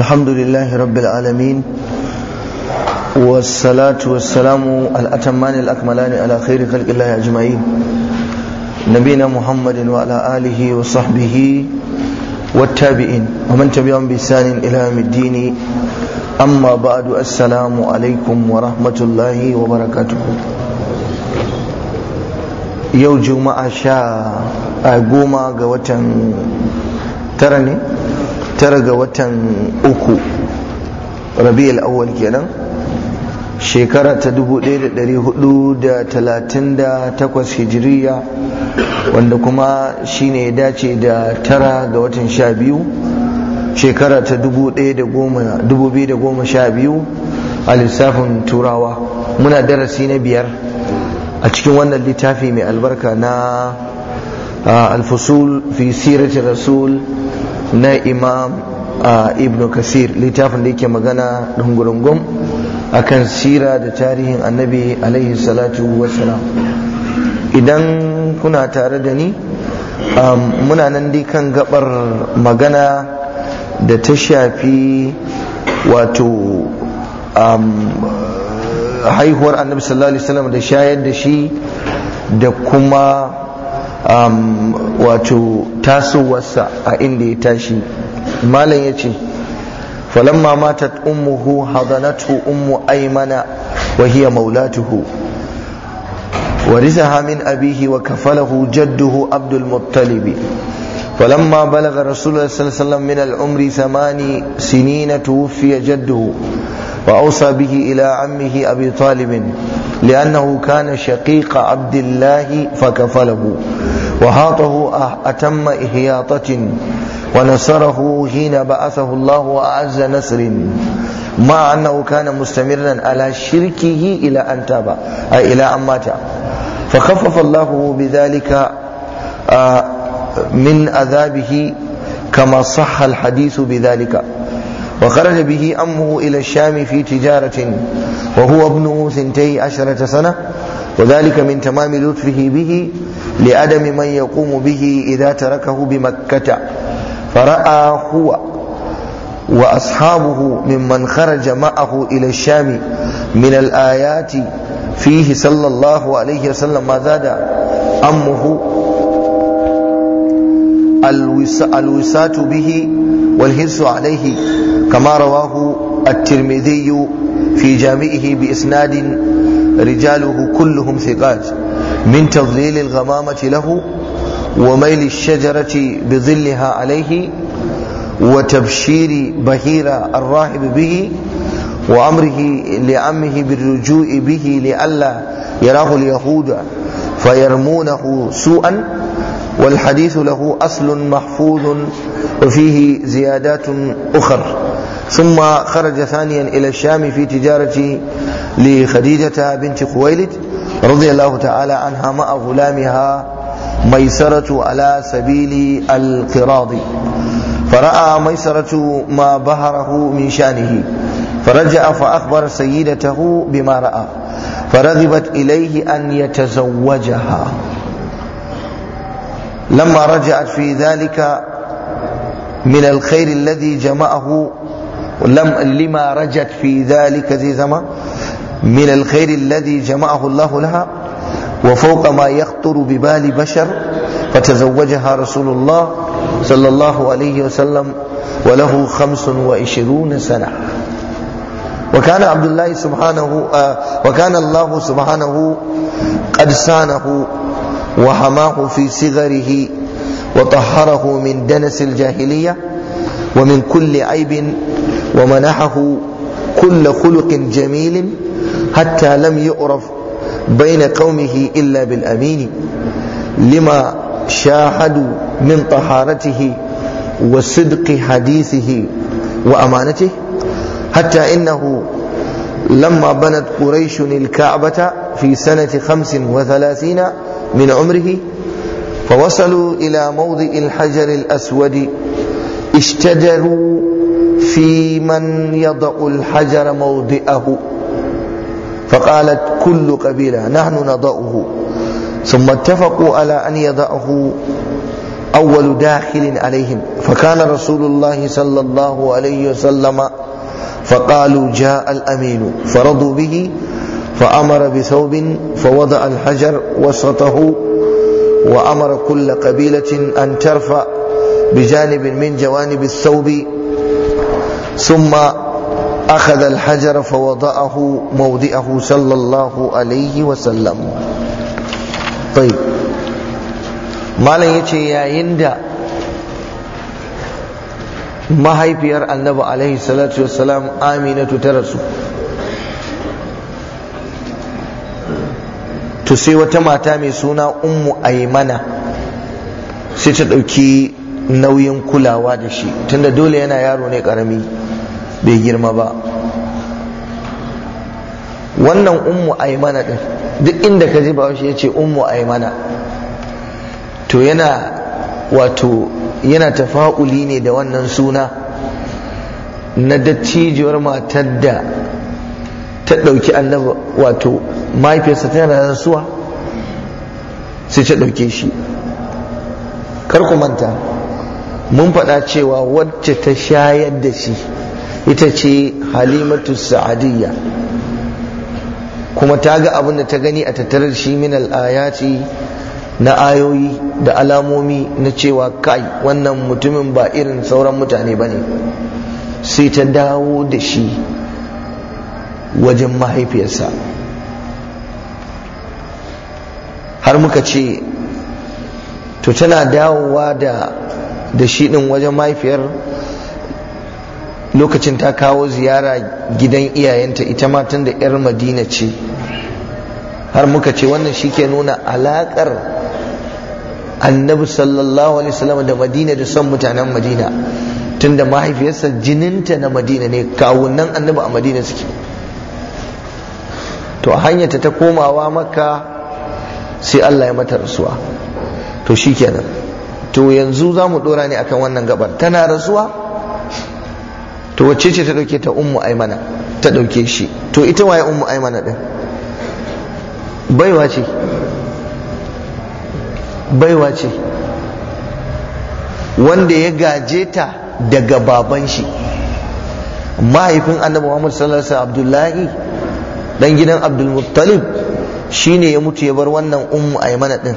الحمد لله رب العالمين والصلاة والسلام الأتمان الأكملان على خير خلق الله أجمعين نبينا محمد وعلى آله وصحبه والتابعين ومن تبعهم بإحسان إلى يوم الدين أما بعد السلام عليكم ورحمة الله وبركاته يوم جمعة شا goma ga watan tara ne tara ga watan uku rabi'ul awwal kenan shekara ta 1438 hijiriya wanda kuma shine ya dace da tara ga watan sha biyu shekara ta 2012 a lissafin turawa muna darasi na biyar a cikin wannan littafi mai albarka na alfusul fi sirati rasul na imam ibn kasir littafin da yake magana a akan sira da tarihin annabi alaihi salatu wassalam idan kuna tare da ni muna nan dai kan gabar magana da ta shafi wato haihuwar annabi sallallahu alaihi wasallam da shayar da shi da kuma wato tasowarsa a inda ya tashi malam ya ce falamma matat ummuhu hadanatu ummu aimana wa hiya maulatuhu ورثها من أبيه وكفله جده عبد المطلب فلما بلغ رسول الله صلى الله عليه وسلم من العمر ثمان سنين توفي جده وأوصى به إلى عمه أبي طالب لأنه كان شقيق عبد الله فكفله وحاطه أتم إحياطة ونصره حين بعثه الله أعز نصر مع أنه كان مستمرا على شركه إلى أن تاب أي إلى أن مات فخفف الله بذلك من عذابه كما صح الحديث بذلك وخرج به أمه إلى الشام في تجارة وهو ابنه ثنتي عشرة سنة وذلك من تمام لطفه به لأدم من يقوم به إذا تركه بمكة فرأى هو وأصحابه ممن خرج معه إلى الشام من الآيات فيه صلى الله عليه وسلم ما زاد أمه الوساة به والهرس عليه كما رواه الترمذي في جامعه بإسناد رجاله كلهم ثقات من تضليل الغمامة له وميل الشجرة بظلها عليه وتبشير بهير الراهب به وأمره لعمه بالرجوع به لئلا يراه اليهود فيرمونه سوءا والحديث له أصل محفوظ وفيه زيادات أخر ثم خرج ثانيا إلى الشام في تجارة لخديجة بنت خويلد رضي الله تعالى عنها مع غلامها ميسرة على سبيل القراض فرأى ميسرة ما بهره من شأنه فرجع فأخبر سيدته بما رأى فرغبت إليه أن يتزوجها لما رجعت في ذلك من الخير الذي جمعه لم لما رجت في ذلك زي زمان من الخير الذي جمعه الله لها وفوق ما يخطر ببال بشر فتزوجها رسول الله صلى الله عليه وسلم وله خمس وعشرون سنة وكان عبد الله سبحانه آه، وكان الله سبحانه قد سانه وحماه في صغره وطهره من دنس الجاهلية ومن كل عيب ومنحه كل خلق جميل حتى لم يعرف بين قومه إلا بالأمين لما شاهدوا من طهارته وصدق حديثه وأمانته حتى إنه لما بنت قريش الكعبة في سنة خمس وثلاثين من عمره فوصلوا إلى موضع الحجر الأسود اشتجروا في من يضع الحجر موضعه فقالت كل قبيلة نحن نضعه ثم اتفقوا على أن يضعه أول داخل عليهم فكان رسول الله صلى الله عليه وسلم فقالوا جاء الأمين فرضوا به فأمر بثوب فوضع الحجر وسطه وأمر كل قبيلة أن ترفع بجانب من جوانب الثوب ثم أخذ الحجر فوضعه موضعه صلى الله عليه وسلم طيب malam ya ce yayin da mahaifiyar annabi alaihi salatu wassalam aminatu ta rasu to sai wata mata mai suna Umu aimana sai ta ɗauki nauyin kulawa da shi tunda dole yana yaro ne ƙarami bai girma ba wannan ummu aimana din duk inda ka ji bawashi ya ce ummu aimana to yana wato yana tafa'uli ne da wannan suna na dattijuwar matar da ta ɗauki annabi wato mahaifiyarsa tana rasuwa sai ta ɗauke shi kar ku manta mun faɗa cewa wacce ta shayar da shi ita ce halimatu sa'adiyya kuma ta ga abin da ta gani a tattarar shi min al'ayati na ayoyi da alamomi na cewa kai wannan mutumin ba irin sauran mutane ba ne sai ta dawo da shi wajen mahaifiyarsa har muka ce to tana dawowa da da shi ɗin wajen mahaifiyar lokacin ta kawo ziyara gidan iyayenta ita ma tun da 'yar madina ce har muka ce wannan shi ke nuna alaƙar annabi sallallahu alaihi wasallam da madina da son mutanen madina tun da mahaifiyarsa jininta na madina ne kawunan annabi a madina suke to a hanyarta ta komawa maka sai allah ya mata rasuwa to shi kenan to yanzu za mu ɗora ne akan wannan gabar tana rasuwa to wacce ce ta dauke ta ummu aimana ta dauke shi to ita waye ummu aimana din baiwa ce baiwa ce wanda ya gaje ta daga baban shi mahaifin annabi Muhammad sallallahu alaihi Abdullahi dan gidan Abdul Muttalib shine ya mutu ya bar wannan ummu aimana din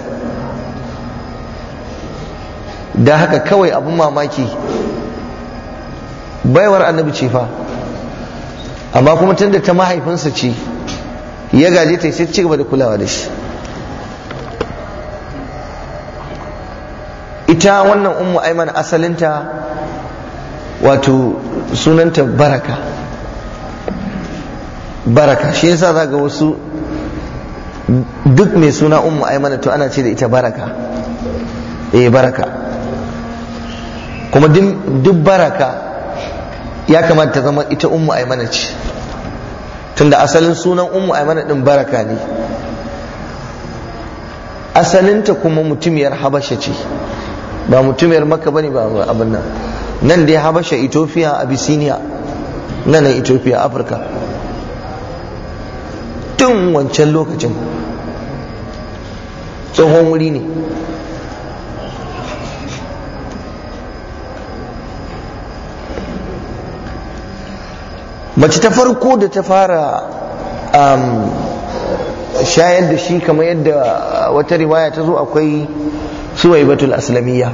da haka kawai abin mamaki baiwar annabi ce fa amma kuma tunda ta mahaifinsa ce ya gaje ta sai ci gaba da kulawa da shi ita wannan ummu aiman asalinta wato sunanta baraka baraka shi yasa za ga wasu duk mai suna ummu aimana to ana ce da ita baraka eh baraka kuma duk baraka ya kamata ta zama ita ummu aimana ce tunda asalin sunan ummu aimana ɗin baraka ne asalinta kuma mutumiyar habasha ce ba mutumiyar makka bane ba abin nan nan dai habasha ethiopia abyssinia nan ethiopia afirka tun wancan lokacin tsohon wuri ne mace ta farko da ta fara um, shayar da shi kamar yadda wata riwaya ta zo akwai suwaibatul aslamiyya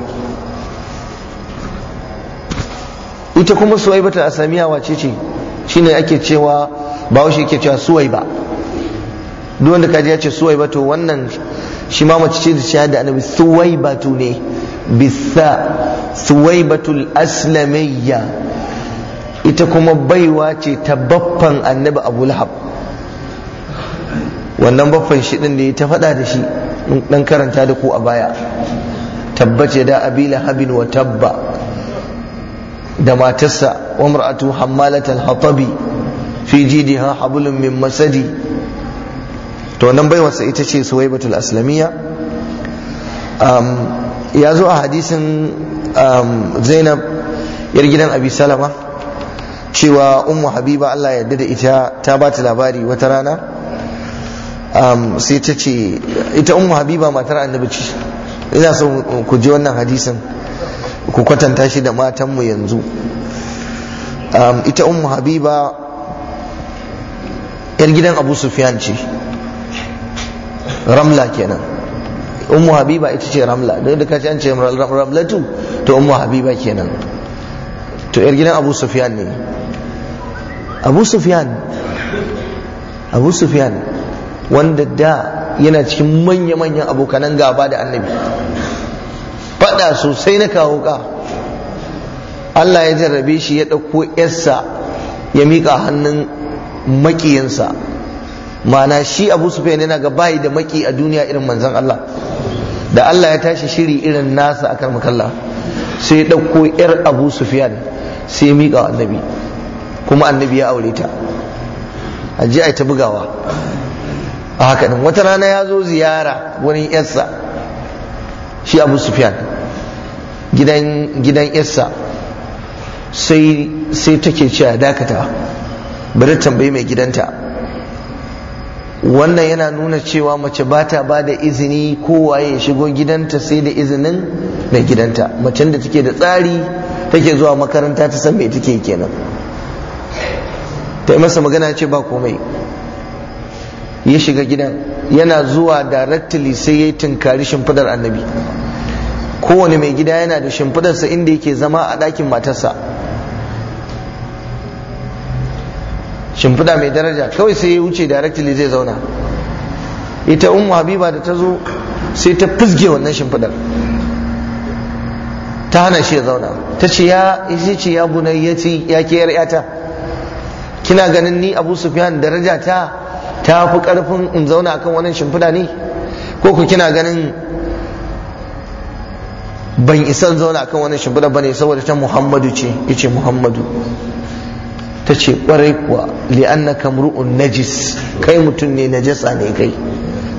ita kuma suwaibatul aslamiyya wace ce shine ake cewa ba washe ke cewa suwaiba duk wanda kaji ya ce suwaiba to wannan shi ma mace ce da shayar da annabi suwaibatu ne bisa suwaibatul Asalamiya. ita kuma baiwa ce ta baffan annabi abu lahab wannan baffan shi din da ya ta faɗa da shi dan karanta da ku a baya tabbace da abi lahabin wa tabba da matarsa wa mar'atu hammalat al-hatabi fi jidiha hablum min masadi to wannan baiwarsa ita ce suwaibatul aslamiyya ya zo a hadisin zainab yar gidan abi salama cewa umu habiba Allah ya da ita ta ba ta labari wata rana sai ta ce ita umu habiba matar annabi ina so ku ji wannan hadisin ku kwatanta shi da matanmu yanzu ita umu habiba yar gidan abu Sufiyan ce ramla kenan umu habiba ita ce ramla don da kashi an ce ramlatu to umu habiba kenan to yar gidan abu Sufiyan ne abu sufyan abu sufyan wanda da yana cikin manya-manyan abokanan gaba da annabi faɗa sosai na kawo ka Allah ya jarrabe shi ya ɗauko yarsa ya mika hannun maƙiyansa Mana shi abu sufyan yana ga bayi da maki a duniya irin manzan Allah da Allah ya tashi shiri irin nasa a karmakalla sai ya ɗauko yar abu sufyan sai ya miƙa annabi kuma annabi ya aure ta a je ai ta bugawa a haka din wata rana ya zo ziyara wurin yarsa shi abu sufyan gidan gidan yarsa sai sai take cewa dakata bari tambayi mai gidanta wannan yana nuna cewa mace ba ta ba da izini kowaye ya shigo gidanta sai da izinin mai gidanta macen da take da tsari take zuwa makaranta ta san me take kenan ta yi masa magana ce ba komai ya shiga gidan yana zuwa directly sai ya yi tunkari shimfidar annabi kowane mai gida yana da shimfidarsa inda yake zama a ɗakin matarsa shimfida mai daraja kawai sai ya wuce directly zai zauna ita ummu habiba da ta zo sai ta fizge wannan shimfidar ta hana shi ya zauna ta ce ya ce ya ya ke yata kina ganin ni abu sufyan daraja ta ta fi karfin in zauna akan wannan shimfiɗa ne ko ku kina ganin ban isan zauna akan wannan shimfiɗa ne saboda ta muhammadu ce ce muhammadu ta ce kwarai kuwa li'annaka mru'un najis kai mutum ne najasa ne kai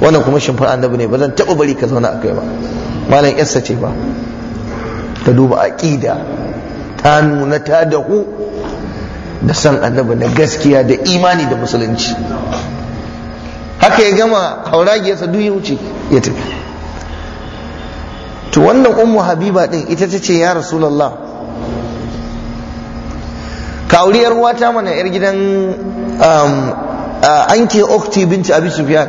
wannan kuma shimfiɗa annabi ne ba zan taɓa bari ka zauna kai ba malam yarsa ce ba Ta duba aƙida ta nuna ta dahu da san annabi na gaskiya da imani da musulunci haka ya gama hauragiyarsa duk ya wuce ya tafi to wannan ummu habiba din ita ta ce ya rasulullah ka auri yar uwata mana yar gidan um, an anke okti binti abi sufyan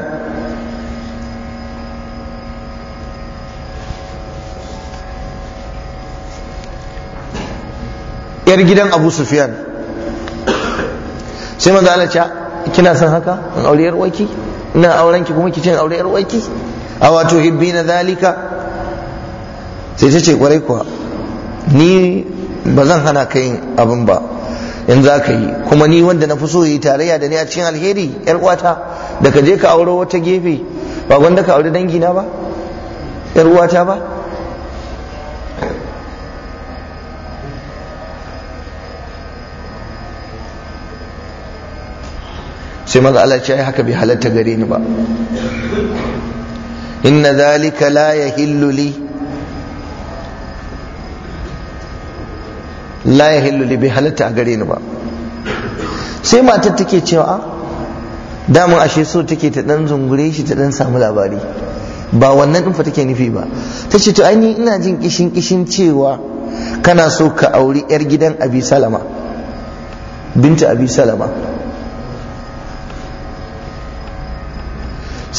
yar gidan abu sufyan sai manzo Allah ce kina san haka in aure yar uwarki ina auren ki kuma ki ce in aure yar uwarki awa to hibbina zalika sai ta ce kwarai kuwa ni ba zan hana ka abin ba in za ka yi kuma ni wanda na fi so yi tarayya da ni a cikin alheri yar uwata da ka je ka auro wata gefe ba gwanda ka aure dangina ba yar uwata ba sai maza Allah ya ce haka bai halatta gare ni ba inna zalika la ya hilluli la ya hilluli bai halatta a gare ni ba sai matar take cewa ah, damun ashe so take ta dan zungure shi ta dan samu labari ba wannan din fa take nufi ba ta ce to ai ni ina jin kishin kishin cewa kana so ka auri yar gidan abi salama binta abi salama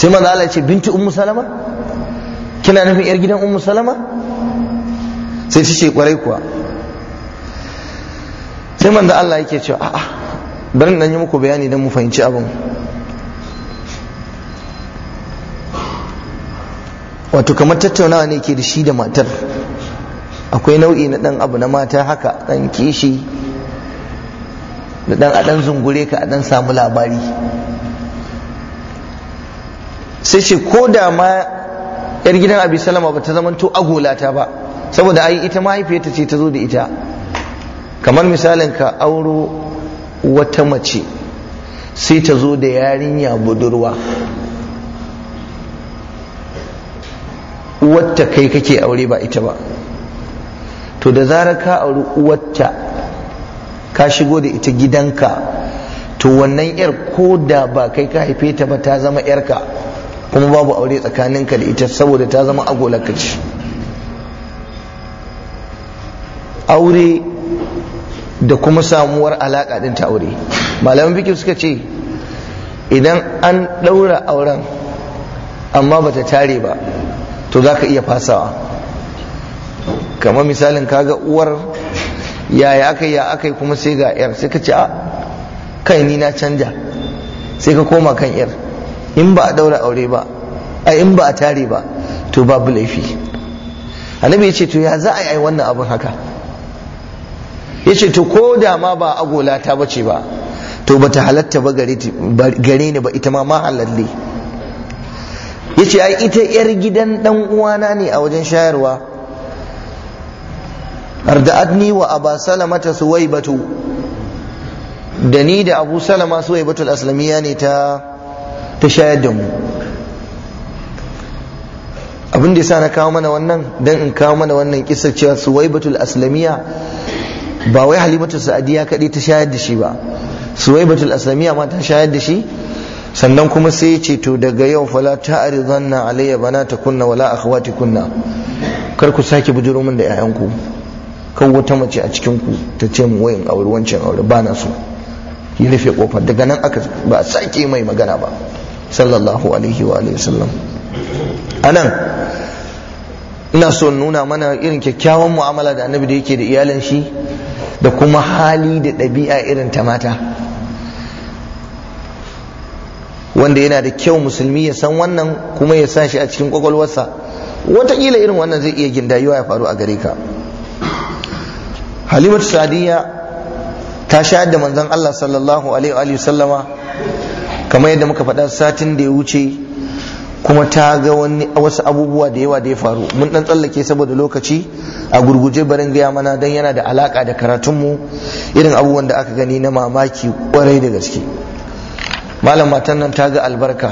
sai manzo Allah ce binti ummu salama kina nufin yar gidan ummu salama sai ta ce kwarai kuwa sai manzo Allah yake cewa a'a bari na yi muku bayani dan mu fahimci abin wato kamar tattaunawa ne ke da shi da matar akwai nau'i na dan abu na mata haka dan kishi da dan a dan zungure ka a dan samu labari sai ce ko da ma yar gidan abi salama ba ta zamanto agolata ba saboda ai ita mahaifiyarta ce ta zo da ita kamar misalin ka auro wata mace sai ta zo da yarinya budurwa uwarta kai kake aure ba ita ba to da zarar ka auri uwarta ka shigo da ita gidanka to wannan yar ko da ba kai ka haife ta ba ta zama yarka kuma babu aure tsakaninka da ita saboda ta zama agolarka ce aure da kuma samuwar alaƙa ɗin ta aure malaman biki suka ce idan an ɗaura auren amma bata tare ba to za ka iya fasawa kamar misalin kaga uwar yaya aka ya aka kuma sai ga yar sai ka ce a kai ni na canja sai ka koma kan yar in ba a daura aure ba a in ba a tare ba to babu laifi annabi yace to ya za a yi wannan abun haka yace to ko da ma ba agola ta bace ba to bata halatta ba gare ni ba ita ma ma halalle yace ai ita yar gidan dan uwana ne a wajen shayarwa arda'atni wa aba salamata suwaibatu da ni da abu salama suwaibatul aslamiyya ne ta ta shayar da mu abin da yasa na kawo mana wannan dan in kawo mana wannan kisa cewa batul aslamiya ba wai halimatu sa'adiya kadai ta shayar da shi ba batul aslamiya ma ta shayar da shi sannan kuma sai ya ce to daga yau fala ta ta'ridanna alayya ta kunna wala akhwati kunna kar ku sake bujuro min da ƴaƴanku kan wata mace a cikin ku ta ce mu wayin aure wancan aure ba na so yi rufe kofar daga nan aka ba sake mai magana ba sallallahu alaihi wa sallam anan ina so nuna mana irin kyakkyawan mu'amala da annabi da yake da iyalan shi da kuma hali da ɗabi'a irin ta mata wanda yana da kyau musulmi ya san wannan kuma ya sa shi a cikin kwakwalwarsa wataƙila irin wannan zai iya gindayuwa ya faru a gare ka halimatu sadiya ta shayar da manzon Allah sallallahu alaihi wa sallama kamar yadda muka faɗa satin da ya wuce kuma ta ga wani wasu abubuwa da yawa da ya faru mun dan tsallake saboda lokaci a gurguje barin gaya mana dan yana da alaka da karatunmu irin abubuwan da aka gani na mamaki kwarai da gaske malam matan nan ta ga albarka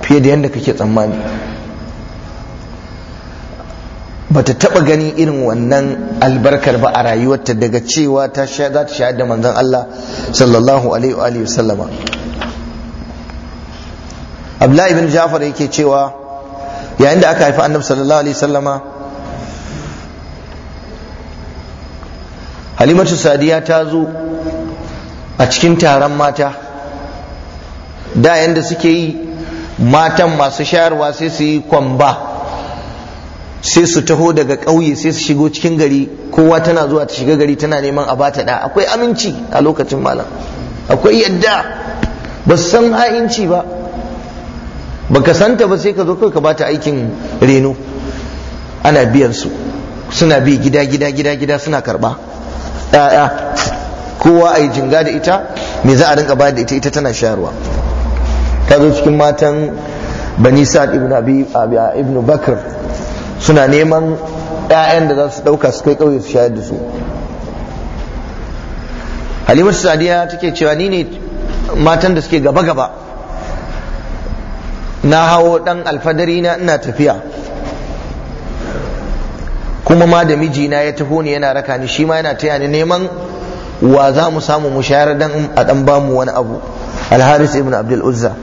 fiye da yadda kake tsammani ba ta taɓa gani irin wannan albarkar ba a rayuwarta daga cewa ta sha za ta sha da manzon Allah sallallahu alaihi wa sallama abdullahi bin jafar yake cewa yayin da aka haifi annabi sallallahu alaihi sallama halimatu sadiya ta zo a cikin taron mata da yanda suke yi matan masu shayarwa sai su yi kwamba sai su taho daga ƙauye sai su shigo cikin gari kowa tana zuwa ta shiga gari tana neman a bata da akwai aminci a lokacin malam akwai yadda ba san ha'inci ba baka santa ba sai ka zo kai ka bata aikin reno ana biyan su suna bi gida gida gida gida suna karba ya'ya kowa a jinga da ita me za a rinka bayar da ita ita tana shayarwa ta zo cikin matan bani sa'ad ibn abi ibn bakr suna neman ƴaƴan da za su ɗauka su kai ƙauye su shayar da su halimatu sadiya take cewa ni ne matan da suke gaba gaba na hawo dan alfadari na ina tafiya kuma ma da mijina ya taho ne yana raka ni shi ma yana taya ni neman wa za mu samu mu shayar dan a dan bamu wani abu alharis ibn abdul uzza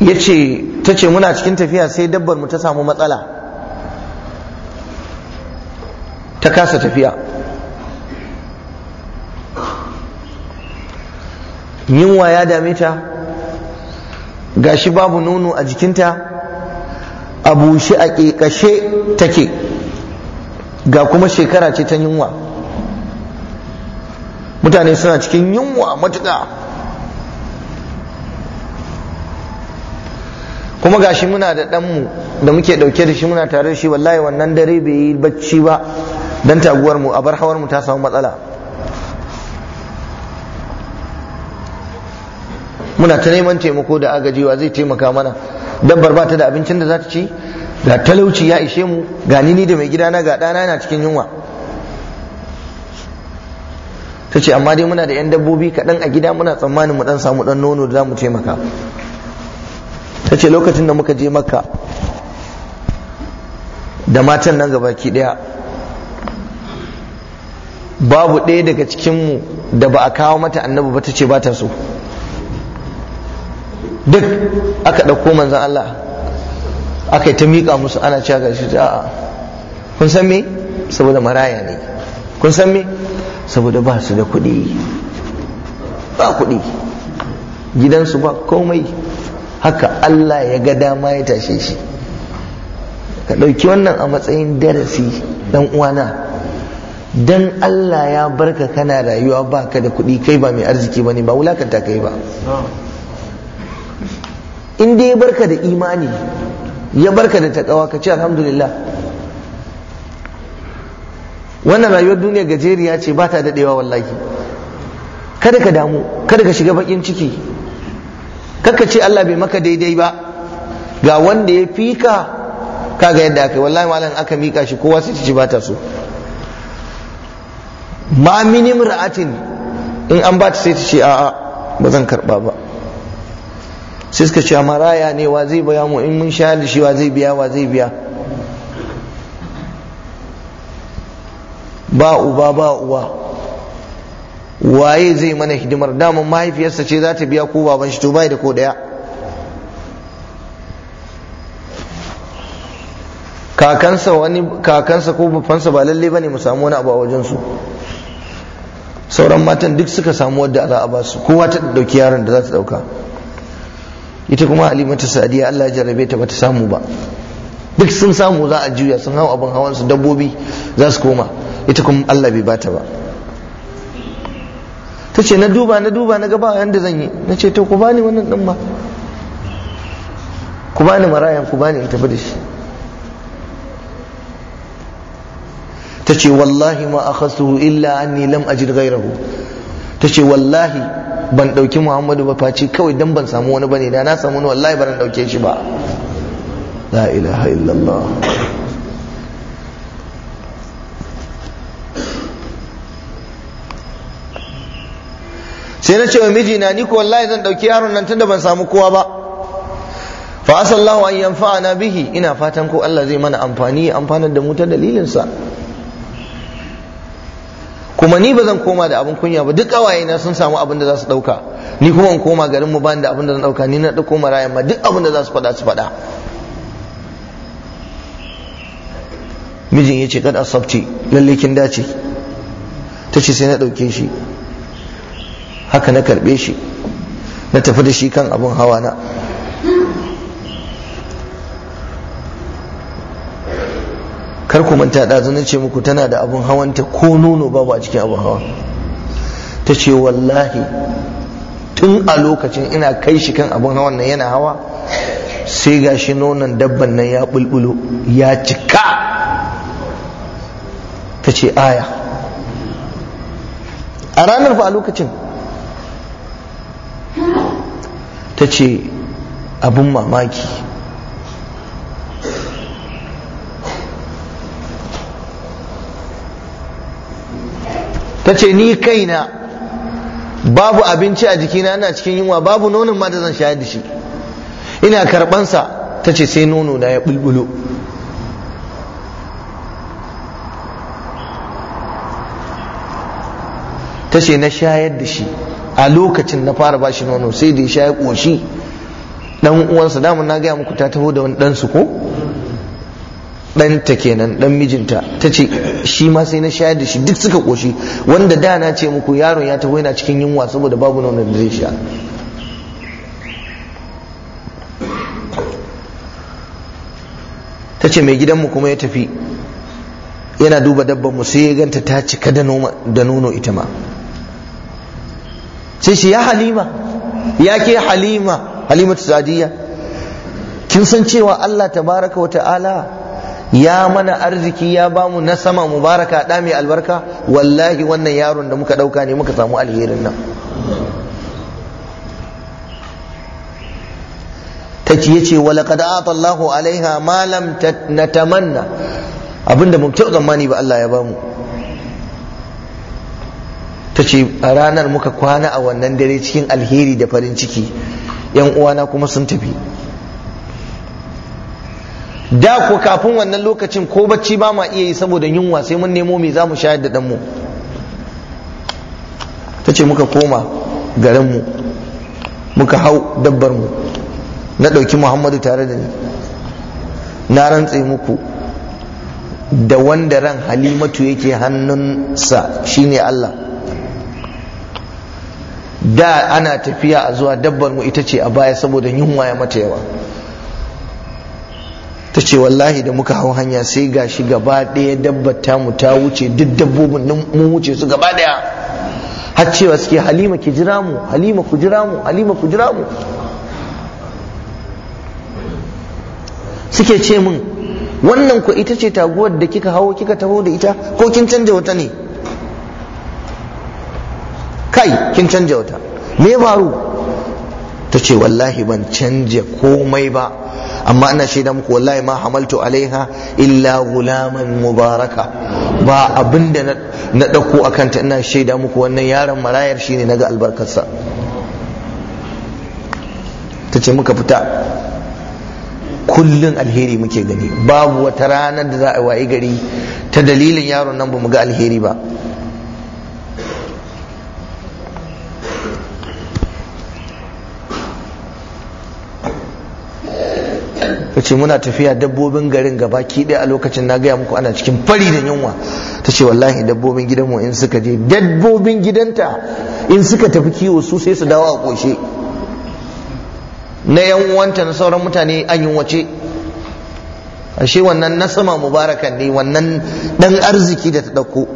yace tace muna cikin tafiya sai dabbar mu ta samu matsala ta kasa tafiya yunwa ya dame ta gashi babu nono a jikinta a bushe a ƙeƙashe take ga kuma shekara ce ta yunwa mutane suna cikin yunwa matuƙa kuma gashi muna da ɗanmu da muke ɗauke da shi muna tare da shi wallahi wannan dare bai yi bacci ba don taguwarmu a bar hawarmu ta samu matsala muna ta neman taimako da agajewa zai taimaka mana dabbar ba ta da abincin da za ta ci ga talauci ya ishe mu ga ni da mai gidana ga ɗana yana cikin yunwa ta ce amma dai muna da 'yan dabbobi kaɗan a gida muna tsammanin mu ɗan samu ɗan nono da za mu taimaka ta ce lokacin da muka je makka da matan nan gaba gabaki ɗaya babu ɗaya daga cikinmu da ba a kawo mata annabi ba ta ce ba ta so duk aka ɗauko manzan Allah aka yi ta miƙa musu ana cewa ga shi a'a kun san me saboda maraya ne kun san me saboda ba su da kuɗi ba kuɗi gidansu ba komai haka Allah ya ga dama ya tashe shi ka ɗauki wannan a matsayin darasi dan uwana dan Allah ya barka kana rayuwa baka da kuɗi kai ba mai arziki bane ba wulakanta kai ba in dai ya barka da imani ya barka da takawa ka ce alhamdulillah wannan rayuwar duniya gajeriya ce ba ta daɗewa wallahi kada ka damu kada ka shiga bakin ciki kaka ce Allah bai maka daidai ba ga wanda ya fi ka kaga yadda aka yi wallahi malam aka mika shi kowa sai ci ba ta so ma minim ra'atin in an ba ta sai ta ce a'a ba zan karba ba sai suka ce maraya ne wa zai baya mu in mun sha da shi wa zai biya wa zai biya ba uba ba uwa waye zai mana hidimar daman mahaifiyarsa ce za ta biya ko baban shi to bai da ko daya kakansa wani kakansa ko bafansa ba lalle bane mu samu wani abu a wajen su sauran matan duk suka samu wadda za a ba su kowa ta dauki yaron da za ta dauka ita kuma halimatu sadiya Allah ya jarrabe ta bata samu ba duk sun samu za a juya sun hau abin hawan su dabbobi za su koma ita kuma Allah bai bata ba ta ce na duba na duba na gaba yanda zan yi na ce to ku bani wannan din ba ku bani marayan ku bani in tafi da shi ta ce wallahi ma akhasuhu illa anni lam ajid ghayrahu ta ce wallahi ban ɗauki muhammadu ba face kawai dan ban samu wani bane da na samu wani wallahi ban ɗauke shi ba la illallah sai na ce wa mijina ni ko wallahi zan ɗauki yaron nan tunda ban samu kowa ba fa asallahu an yanfa'ana bihi ina fatan ko Allah zai mana amfani amfanar da mu ta dalilinsa kuma ni ba zan koma da abin kunya ba duk kawaye na sun samu abin da za su dauka ni kuma in koma garin mu bani da abin da zan dauka ni na koma rayan ma duk abin da za su faɗa su faɗa mijin yace ce sabti asabti lalle kin dace ta sai na dauke shi haka na karbe shi na tafi da shi kan abin hawa na kar ku manta da zan ce muku tana da abun ta ko nono babu a cikin abun hawa ta ce wallahi tun a lokacin ina kai shi kan abun hawan nan yana hawa sai gashi nonon dabban nan ya bulbulo ya cika ta ce aya a ranar fa a lokacin ta ce abun mamaki ta ce ni kaina babu abinci a jikina ina cikin yunwa babu nonon ma da zan shayar da shi ina karbansa ta ce sai nono na ya bulbulo ta ce na shayar da shi a lokacin na fara ba shi nono sai da ya sha ya ƙoshi dan uwansa damun na gaya muku ta taho da wani ɗansu ko ɗanta kenan ɗan mijinta ta ce shi ma sai na shayar da shi duk suka ƙoshi wanda da na ce muku yaron ya taho yana cikin yunwa saboda babu nonon da zai sha ta ce mai gidanmu kuma ya tafi yana duba dabban mu sai ya ganta ta cika da nono ita ma sai shi ya halima ya ke halima halimatu sadiya kin san cewa Allah tabaraka wa ta'ala ya mana arziki ya bamu na sama mubaraka da mai albarka wallahi wannan yaron da muka dauka ne muka samu alherin nan ta ce yace walaqad ata Allahu alaiha ma lam natamanna abinda mun taba zamani ba Allah ya bamu ta ce a ranar muka kwana a wannan dare cikin alheri da farin ciki yan uwana kuma sun tafi da ko kafin wannan lokacin ko bacci ba ma iya yi saboda yunwa sai mun nemo me za mu shayar da ɗanmu ta ce muka koma garinmu muka hau dabbar mu. na ɗauki muhammadu tare da ni na rantse muku da wanda ran halimatu yake hannunsa shine Allah da ana tafiya a zuwa dabbar mu ita ce a baya saboda yunwa ya mata yawa ta ce wallahi da muka hau hanya sai ga shi gaba ɗaya dabbar mu ta wuce duk dabbobin mun wuce su gaba ɗaya har cewa suke halima ki jira mu halima ku jira mu halima ku jira mu suke ce min wannan ku ita ce taguwar da kika hawo kika taho da ita ko kin canja wata ne kai kin canja wata me faru ta ce wallahi ban canje komai ba amma ina shaida muku wallahi ma hamaltu alaiha illa gulaman mubaraka ba abinda na ɗauko a kanta ina shaida muku wannan yaron marayar shine naga albarkarsa ta ce muka fita kullun alheri muke gani babu wata ranar da za a wayi gari ta dalilin yaron nan ba mu ga alheri ba ta ce muna tafiya dabbobin garin gaba ki ɗaya a lokacin na gaya muku ana cikin fari da yunwa ta ce wallahi dabbobin gidanmu in suka je dabbobin gidanta in suka tafi kiwo su sai su dawo a ƙoshe na yan uwanta na sauran mutane an yunwace ashe wannan na sama mubarakan ne wannan ɗan arziki da ta ɗauko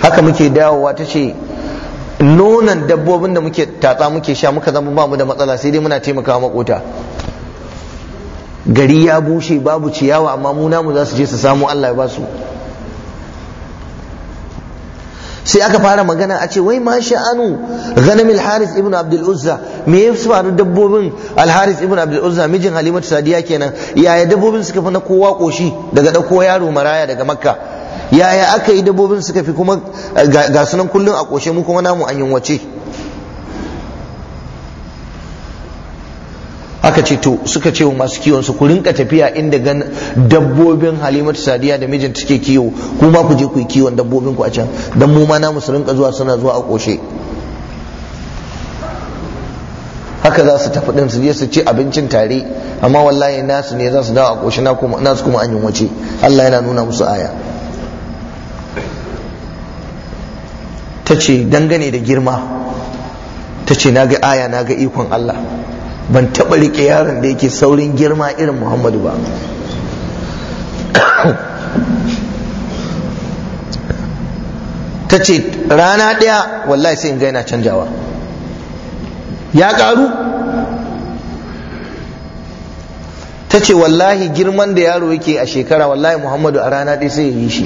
haka muke dawowa ta ce nonan dabbobin da muke tatsa muke sha muka zama ba mu da matsala sai dai muna taimakawa makota gari ya bushe babu ciyawa amma mu namu za su je su samu Allah ya ba su sai aka fara magana a ce wai ma sha'anu ghanam al-haris ibn Abdul uzza me ya faru dabbobin al-haris ibn Abdul uzza mijin halimatu sadiya kenan yaya dabbobin suka fi na kowa koshi daga dauko yaro maraya daga makka yaya aka yi dabbobin suka fi kuma eh, ga sunan kullum a ƙoshe mu kuma namu an yunwace aka ce to suka ce wa masu kiwon su ku rinka tafiya inda gan dabbobin halimatu sadiya da mijinta suke kiwo kuma ku je ku yi kiwon dabbobin ku a can dan mu ma namu su rinka zuwa suna zuwa a ƙoshe haka za su tafi din su je su ci abincin tare amma wallahi nasu ne za su dawo a ƙoshe nasu kuma an yunwace Allah yana nuna musu aya ta ce dangane da girma ta ce na ga aya na ga ikon Allah ban taɓa riƙe yaron da yake saurin girma irin muhammadu ba ta ce rana ɗaya wallahi sai in ga yana canjawa ya ƙaru ta ce wallahi girman da yaro yake a shekara wallahi muhammadu a rana ɗaya sai ya yi shi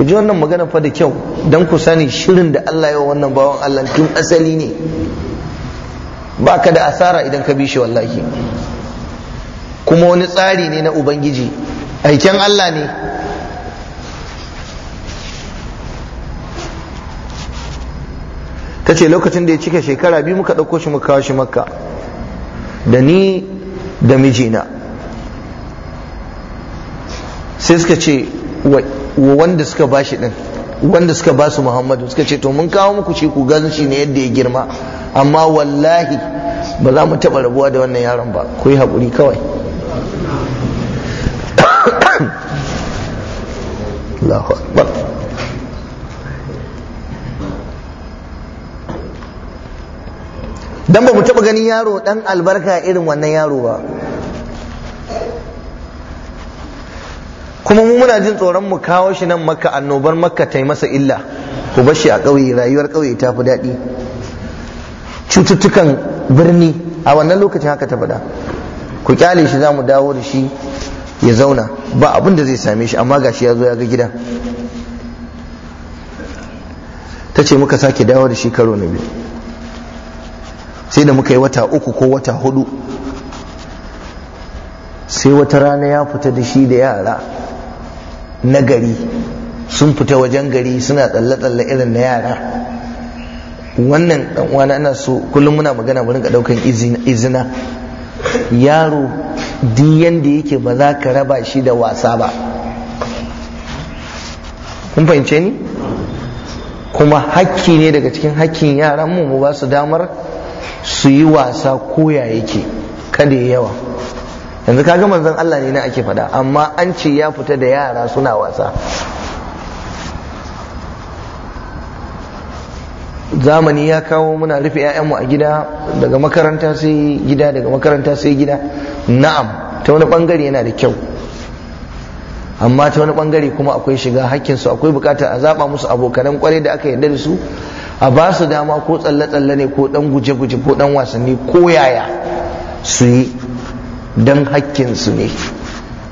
ku ji wannan magana fa da kyau don ku sani shirin da Allah yawa wannan bawan Allah tun asali ne ba ka da asara idan ka bi shi wallahi kuma wani tsari ne na ubangiji aiken Allah ne ta ce lokacin da ya cika shekara biyu muka ɗauko shi muka kawo shi makka da ni da mijina sai suka ce wai. wanda suka shi din wanda suka ba su Muhammadu suka ce to mun kawo muku shi ku gan shi ne yadda ya girma amma wallahi ba za mu taɓa rabuwa da wannan yaron ba ku yi haƙuri kawai don dan ba mu taɓa ganin yaro dan albarka irin wannan yaro ba kuma mu muna jin tsoron mu kawo shi nan makka annobar makka ta yi masa illa ku bar shi a ƙauye rayuwar ƙauye ta fi daɗi cututtukan birni a wannan lokacin haka ta faɗa ku kyale shi za mu dawo da shi ya zauna ba abin da zai same shi amma gashi ya zo ya ga gida ta ce muka sake dawo da shi karo na biyu sai da muka yi wata uku ko wata hudu sai wata rana ya fita da shi da yara na gari sun fita wajen gari suna tsalle-tsalle irin na yara wannan dan uwana ana so kullum muna magana mu rinka daukan izina yaro di yanda yake ba za ka raba shi da wasa ba kun fahimce ni kuma hakki ne daga cikin hakkin yaran mu mu ba su damar su yi wasa koya yake kada yawa yanzu ka gama zan Allah ne na ake fada amma an ce ya fita da yara suna wasa zamani ya kawo muna rufe 'ya'yanmu a gida daga makaranta sai gida daga makaranta sai gida na'am ta wani bangare yana da kyau amma ta wani bangare kuma akwai shiga hakkinsu akwai bukatar a zaba musu abokanan kwarai da aka yarda da su a ba su dama ko tsalle-tsalle ne ko dan guje-guje ko dan wasanni ko yaya su yi don su ne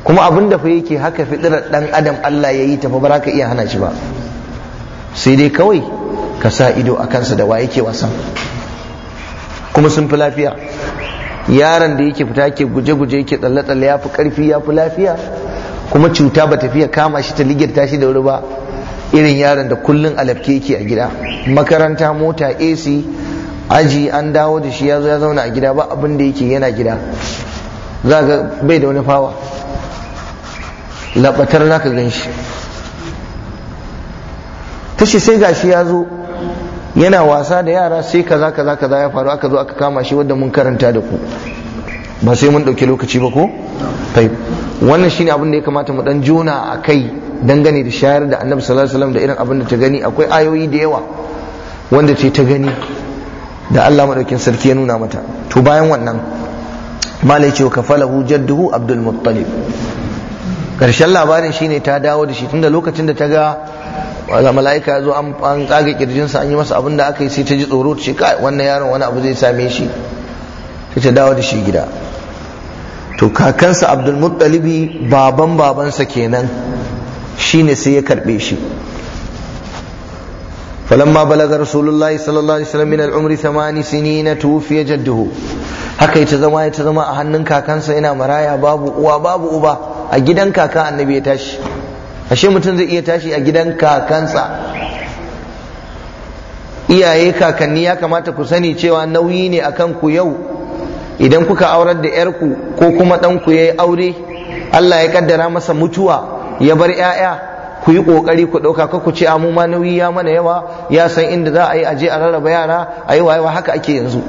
kuma abin da fa yake haka fitirar ɗan adam Allah ya yi ta fa ba ka iya hana shi ba sai dai kawai ka sa ido a kansa da wa yake wasan kuma sun fi lafiya yaron da yake fita yake guje-guje yake tsalle-tsalle ya fi karfi ya fi lafiya kuma cuta ba tafiya kama shi ta ligirta shi da wuri ba irin yaron da kullun alafke yake a gida makaranta mota ac aji an dawo da shi ya ya zauna a gida ba abinda yake yana gida za ga bai da wani fawa labatar za ka gan shi tashi sai gashi ya zo yana wasa da yara sai kaza kaza kaza ya faru aka zo aka kama shi wadda mun karanta da ku ba sai mun ɗauki lokaci ba ko wannan shine abin da ya kamata mu dan jona a kai dangane da shayar da annabi sallallahu alaihi wasallam da irin abin da ta gani akwai ayoyi da yawa wanda ce ta gani da Allah madaukin sarki ya nuna mata to bayan wannan malai ce kafalahu jadduhu abdul muttalib karshen labarin shine ta dawo da shi tunda lokacin da ta ga wala mala'ika ya zo an tsage kirjinsa an yi masa abin da aka yi sai ta ji tsoro ta ce kai wannan yaron wani abu zai same shi sai ta dawo da shi gida to kakansa abdul muttalibi baban babansa kenan shine sai ya karbe shi فلما بلغ رسول الله صلى الله عليه وسلم من العمر ثمان سنين توفي جده haka ita zama ita zama a hannun kakansa yana maraya babu uwa babu uba a gidan kaka annabi ya tashi ashe mutum zai iya tashi a gidan kakansa iyaye kakanni ya kamata ku sani cewa nauyi ne akan ku yau idan kuka aurar da yarku ko kuma ɗanku ya yi aure Allah ya kaddara masa mutuwa ya bar 'ya'ya ku yi kokari ku ɗauka ka ku ce a mu nauyi ya mana yawa ya san inda za a yi aje a rarraba yara a yi wayewa haka ake yanzu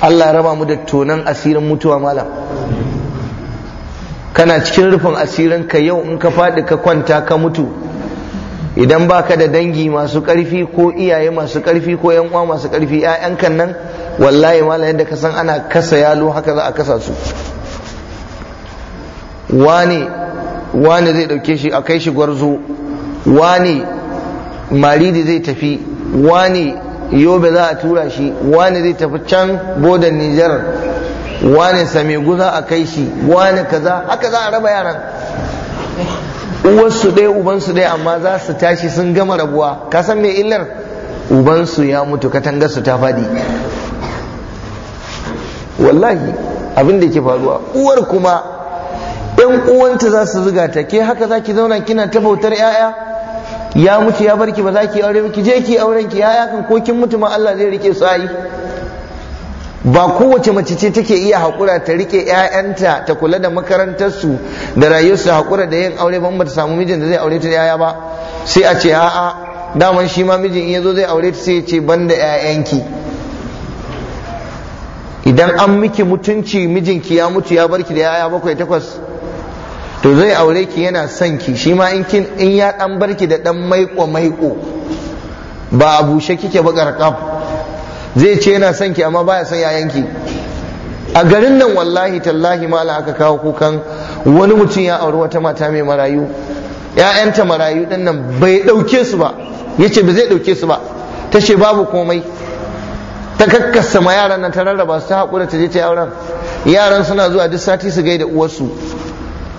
Allah raba mu da tonan asirin mutuwa malam kana cikin rufin asirin ka yau in ka faɗi ka kwanta ka mutu idan baka da dangi masu ƙarfi ko iyaye masu ƙarfi ko yan uwa masu ƙarfi ƴaƴan kan nan wallahi malam yadda ka san ana kasa yalo haka za a kasa su wane wane zai dauke shi a kai shi gwarzo wane maridi zai tafi wane yobe za a tura shi wani zai tafi can bodan nijar wani same guza a kai shi wani kaza haka za a raba yaran uwarsu ɗaya ubansu ɗaya amma za su tashi sun gama rabuwa kasan san me illar ubansu ya mutu katangarsu ta faɗi wallahi abin da ke faruwa uwar kuma ɗan uwanta za su zuga ta ke haka za ki zauna kina ta bautar 'ya'ya ya mutu ya barki ba za ki aure ki je ki auren ki ya yakan ko kin mutu ma Allah zai rike sai ba kowace mace ce take iya hakura ta rike 'ya'yanta ta kula da makarantarsu da rayuwarsu hakura da yin aure ban bata samu mijin da zai aure ta 'ya'ya ba sai a ce a'a daman shi ma mijin in yazo zai aure ta sai ya ce banda da 'ya'yanki idan an miki mutunci mijinki ya mutu ya barki da 'ya'ya bakwai takwas to zai aure ki yana son ki shi ma in kin in ya dan barki da dan maiko maiko ba a bushe kike ba karkaf zai ce yana son ki amma baya son yayanki a garin nan wallahi tallahi mala aka kawo kukan wani mutum ya auri wata mata mai marayu ‘ya'yanta marayu din nan bai ɗauke su ba yace ba zai ɗauke su ba Tashe babu komai ta kakkasa ma yaran nan ta rarraba su ta hakura ta je ta auren yaran suna zuwa duk sati su gaida uwarsu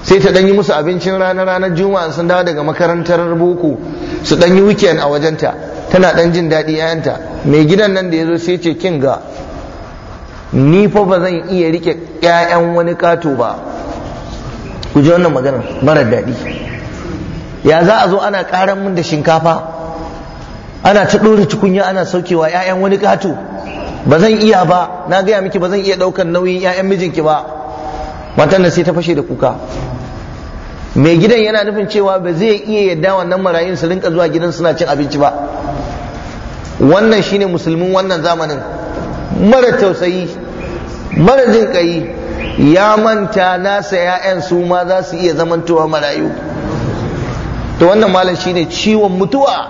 sai ta yi musu abincin rana ranar juma'a sun dawo daga makarantar boko su ɗanyi weekend a wajenta tana ɗan jin daɗi 'ya'yanta mai gidan nan da ya zo sai ce kin ga ni fa ba zan iya rike ƴaƴan wani kato ba ku ji wannan maganar mara daɗi ya za a zo ana ƙaran mun da shinkafa ana ta ɗora tukunya ana saukewa ƴaƴan wani kato ba zan iya ba na gaya miki ba zan iya ɗaukan nauyin ƴaƴan mijinki ba matan na sai ta fashe da kuka mai gidan yana nufin cewa ba zai iya yadda wannan marayun su rinka zuwa gidan suna cin abinci ba wannan shine musulmin wannan zamanin mara tausayi mara jin kai ya manta nasa ya'yan su ma za su iya zamantowa marayu to wannan malam shine ciwon mutuwa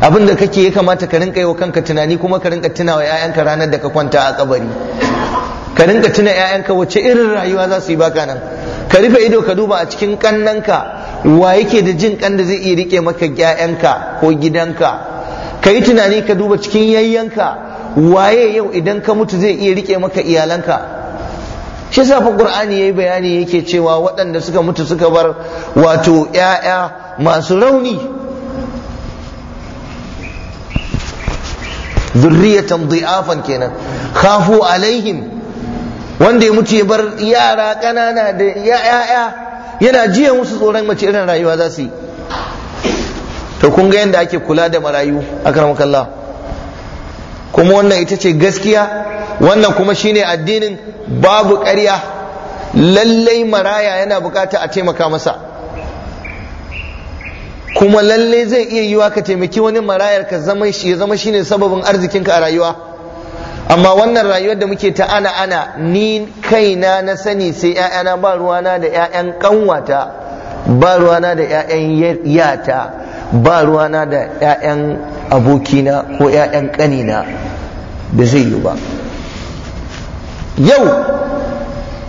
abin da kake ya kamata ka rinka yi wa kanka tunani kuma ka rinka tuna wa 'ya'yanka ranar da ka kwanta a kabari ka rinka tuna 'ya'yanka wacce irin rayuwa za su yi baka nan ka rufe ido ka duba a cikin kannanka wa yake da jin kan da zai iya rike maka 'ya'yanka ko gidanka ka yi tunani ka duba cikin yayyanka waye yau idan ka mutu zai iya rike maka iyalanka shi yasa fa qur'ani yayi bayani yake cewa waɗanda suka mutu suka bar wato 'ya'ya masu rauni zurriyatan dhi'afan kenan khafu alaihim wanda ya mutu ya bar yara kanana da ya'ya yana jiya musu tsoron mace irin rayuwa za su yi to kun ga yadda ake kula da marayu akramakallah kuma wannan ita ce gaskiya wannan kuma shine addinin babu karya. lallai maraya yana bukata a taimaka masa kuma lallai zai iya yiwa ka taimaki wani marayar ka zama shi ya zama shine sababin arzikinka a rayuwa amma wannan rayuwar da muke ta ana ana ni kaina na sani sai ‘ya'yana ba ruwana da ‘ya'yan kanwata ba ruwana da ‘ya'yan yata ba ruwana da ‘ya'yan abokina ko ‘ya'yan ƙanina da zai yi ba yau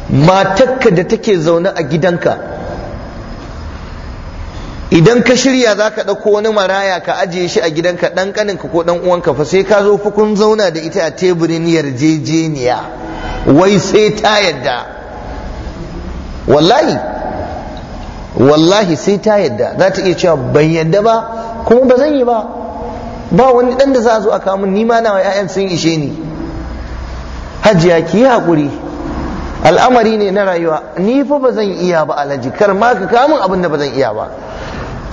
matakka da take zaune a gidanka idan ka shirya za ka ɗauko wani maraya ka ajiye shi a gidanka ɗan ƙaninka ko ɗan uwanka fa sai ka zo kun zauna da ita a teburin yarjejeniya wai sai ta yadda wallahi wallahi sai ta yadda za ta iya cewa ban yadda ba kuma ba zan yi ba ba wani ɗan da za a zo a kamun ni ma nawa 'ya'yan sun ishe ni hajiya ki yi haƙuri al'amari ne na rayuwa ni fa ba zan iya ba alhaji kar ma ka kamun abin da ba zan iya ba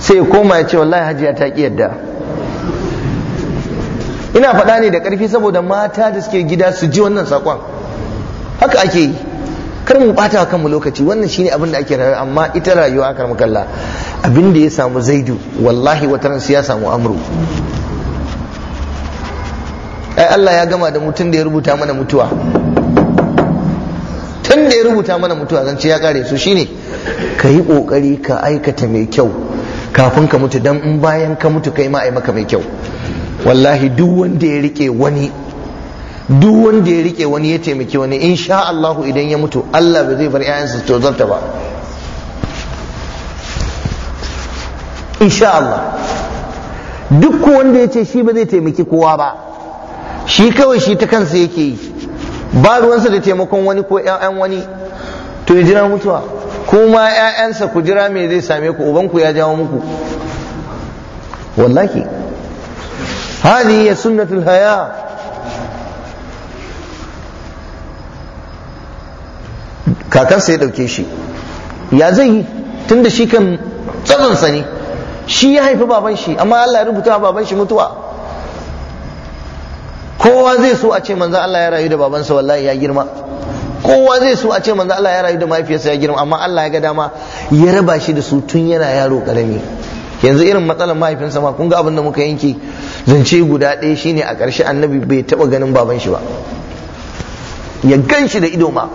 sai ya koma ya ce wallahi hajiya ta ki yadda ina faɗa ne da ƙarfi saboda mata da suke gida su ji wannan saƙon haka ake yi kar mu ɓata kanmu lokaci wannan shine abin da ake rayuwa amma ita rayuwa kar mu kalla abin da ya samu zaidu wallahi wata ran ya samu amru ai Allah ya gama da mutum da ya rubuta mana mutuwa tun da ya rubuta mana mutuwa zan ce ya kare su shine ka yi ƙoƙari ka aikata mai kyau kafin ka mutu dan in bayan ka mutu kai ma ai maka mai kyau wallahi duk wanda ya rike wani duk wanda ya rike wani ya taimaki wani insha Allah idan ya mutu Allah ba zai bar ƴaƴansa su tozarta ba insha Allah duk wanda ya ce shi ba zai taimaki kowa ba shi kawai shi ta kansa yake yi ba ruwansa da taimakon wani ko ƴaƴan wani to ya jira mutuwa kuma ‘ya'yansa ku jira me zai same ku ubanku ya jawo muku wallahi Hali ya sunnatul haya kakansa ya ɗauke shi ya zai yi da shi kan tsazansa ne shi ya haifi baban shi amma Allah ya rubuta baban shi mutuwa kowa zai so a ce manzan Allah ya rayu da babansa wallahi ya girma kowa zai so a ce manzo Allah ya rayu da mahaifiyarsa ya girma amma Allah ya ga dama ya raba shi da su tun yana yaro karami yanzu irin matsalar mahaifinsa ma kun ga abin da muka yanke zance guda ɗaya shine a ƙarshe annabi bai taɓa ganin baban shi ba ya gan shi da ido ma